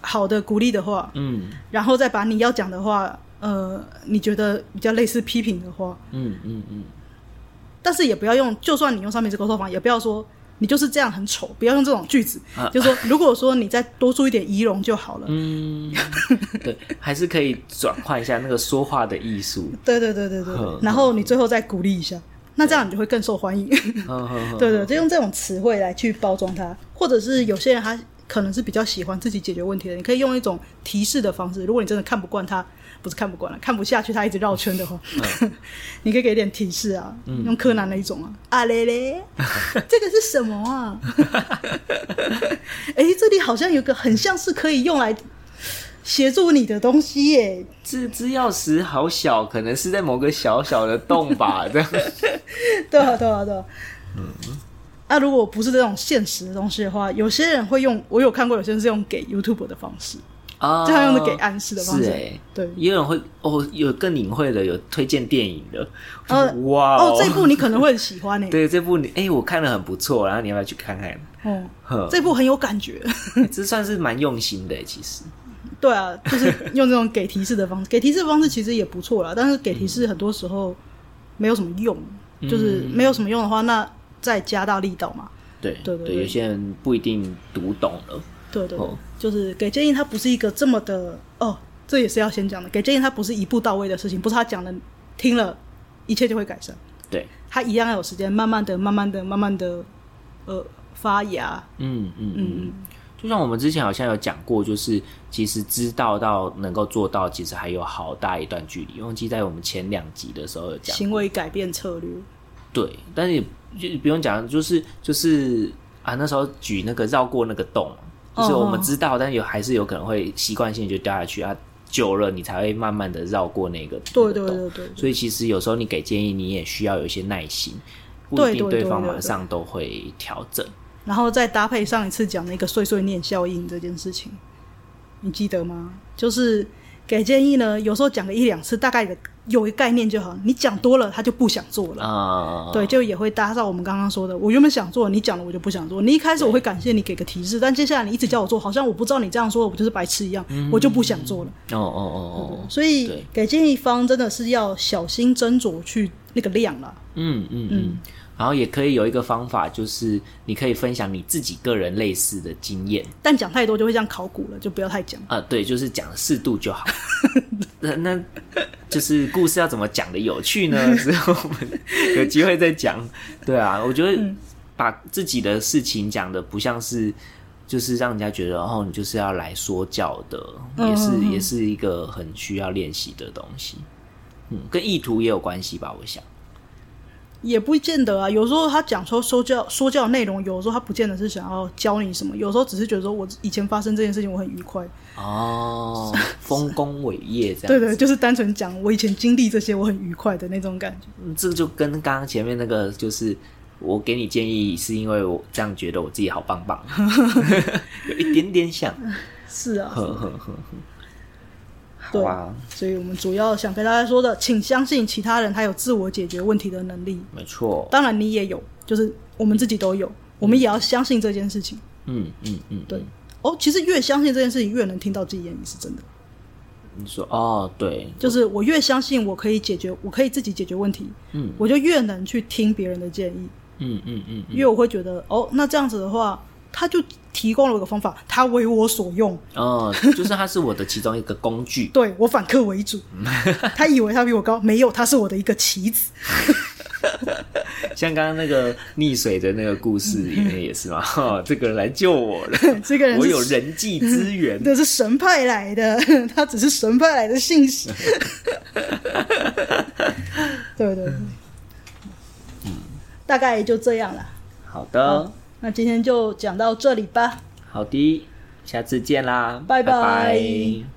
好的鼓勵的話，嗯，然後再把你要講的話，呃，你覺得比較類似批評的話，嗯嗯嗯，嗯嗯，但是也不要用，就算你用上面這個溝通法，也不要說你就是這樣很醜，不要用這種句子，啊、就是說如果說你再多出一點儀容就好了，嗯， 對，還是可以轉換一下那個說話的藝術， 對，對對對對對，呵然後你最後再鼓勵一下。那這樣你就會更受歡迎，對對，okay. 就用這種詞彙來去包裝它，或者是有些人他可能是比較喜歡自己解決問題的，你可以用一種提示的方式。如果你真的看不慣他，不是看不慣了，看不下去他一直繞圈的話，嗯、 你可以給點提示啊，嗯、用柯南那一種啊，啊咧咧，這個是什麼啊？哎、 欸，這裡好像有個很像是可以用來。協助你的東西耶，這支鑰匙好小，可能是在某個小小的洞吧。這樣，對啊，對啊，對啊。嗯，那如果不是這種現實的東西的話，有些人會用。我有看過，有些人是用給 YouTube 的方式啊，就常用的給暗示的方式。對，對，有人會哦，有更隱晦的，有推薦電影的。嗯，哇哦，這部你可能會很喜歡呢。對，這部你哎，我看了很不錯，然後你要不要去看看？嗯，這部很有感覺，這算是蠻用心的耶，其實。對啊，就是用這種給提示的方式， 給提示的方式其實也不錯啦。但是給提示很多時候沒有什麼用，嗯、就是沒有什麼用的話，那再加大力道嘛。對，對對對，對，有些人不一定讀懂了。對，對對，哦、就是給建議，它不是一個這麼的哦。這也是要先講的，給建議它不是一步到位的事情，不是他講了聽了一切就會改善。對，他一樣要有時間，慢慢的、慢慢的、慢慢的，呃，發芽。嗯嗯嗯嗯。嗯嗯就像我們之前好像有講過，就是其實知道到能夠做到，其實還有好大一段距離。忘記在我們前兩集的時候有講，行為改變策略。對，但是也不用講，就是就是啊，那時候舉那個繞過那個洞，就是我們知道，哦哦，但有還是有可能會習慣性就掉下去啊。久了，你才會慢慢的繞過那個那個洞。對對對對對對。所以其實有時候你給建議，你也需要有一些耐心，不一定對方馬上都會調整。然後再搭配上一次講那個碎碎念效應這件事情，你記得嗎？就是給建議呢，有時候講個一兩次，大概有一有個概念就好。你講多了，他就不想做了啊。Oh. 對，就也會搭上我們剛剛說的。我原本想做，你講了我就不想做。你一開始我會感謝你給個提示，但接下來你一直叫我做，好像我不知道，你這樣說，我就是白痴一樣，mm hmm. 我就不想做了。哦哦哦哦。所以給建議方真的是要小心斟酌去那個量了。嗯嗯、mm hmm. 嗯。然後也可以有一個方法，就是你可以分享你自己個人類似的經驗。但講太多就會這樣考古了，就不要太講啊、呃。對，就是講的適度就好。 那那就是故事要怎麼講的有趣呢？之後有，有機會再講。 對啊，我覺得把自己的事情講的不像是就是讓人家覺得哦，然後你就是要來說教的，嗯、哼哼也是也是一個很需要練習的東西。嗯，跟意圖也有關係吧，我想。也不見得啊，有時候他講說，說教說教內容，有時候他不見得是想要教你什麼，有時候只是覺得說我以前發生這件事情我很愉快哦，豐功偉業這樣。對，對對，就是單純講我以前經歷這些，我很愉快的那種感覺。嗯，這就跟剛剛前面那個就是我給你建議是因為我這樣覺得，我自己好棒棒， 有一點點像是啊。呵呵呵呵對啊，哇所以我們主要想跟大家說的，請相信其他人他有自我解決問題的能力。沒錯錯，當然你也有，就是我們自己都有，嗯、我們也要相信這件事情。嗯嗯嗯，嗯嗯嗯對。哦，其實越相信這件事情，越能聽到自己言語是真的。你說哦，對，就是我越相信我可以解決，我可以自己解決問題，嗯，我就越能去聽別人的建議。嗯嗯嗯，嗯嗯嗯因為我會覺得哦，那這樣子的話，他就。提供了一個方法，他為我所用。哦，就是他是我的其中一個工具。 對，我反客為主，他以為他比我高，沒有，他是我的一個棋子。 像剛剛那個溺水的那個故事裡面，嗯，也是嘛。哦，這個人來救我了。這個人我有人際資源，這是神派來的，他只是神派來的信息。 對對對，嗯，大概就這樣了。好的。好那今天就講到這裡吧。好的，下次見啦，拜拜 bye。Bye bye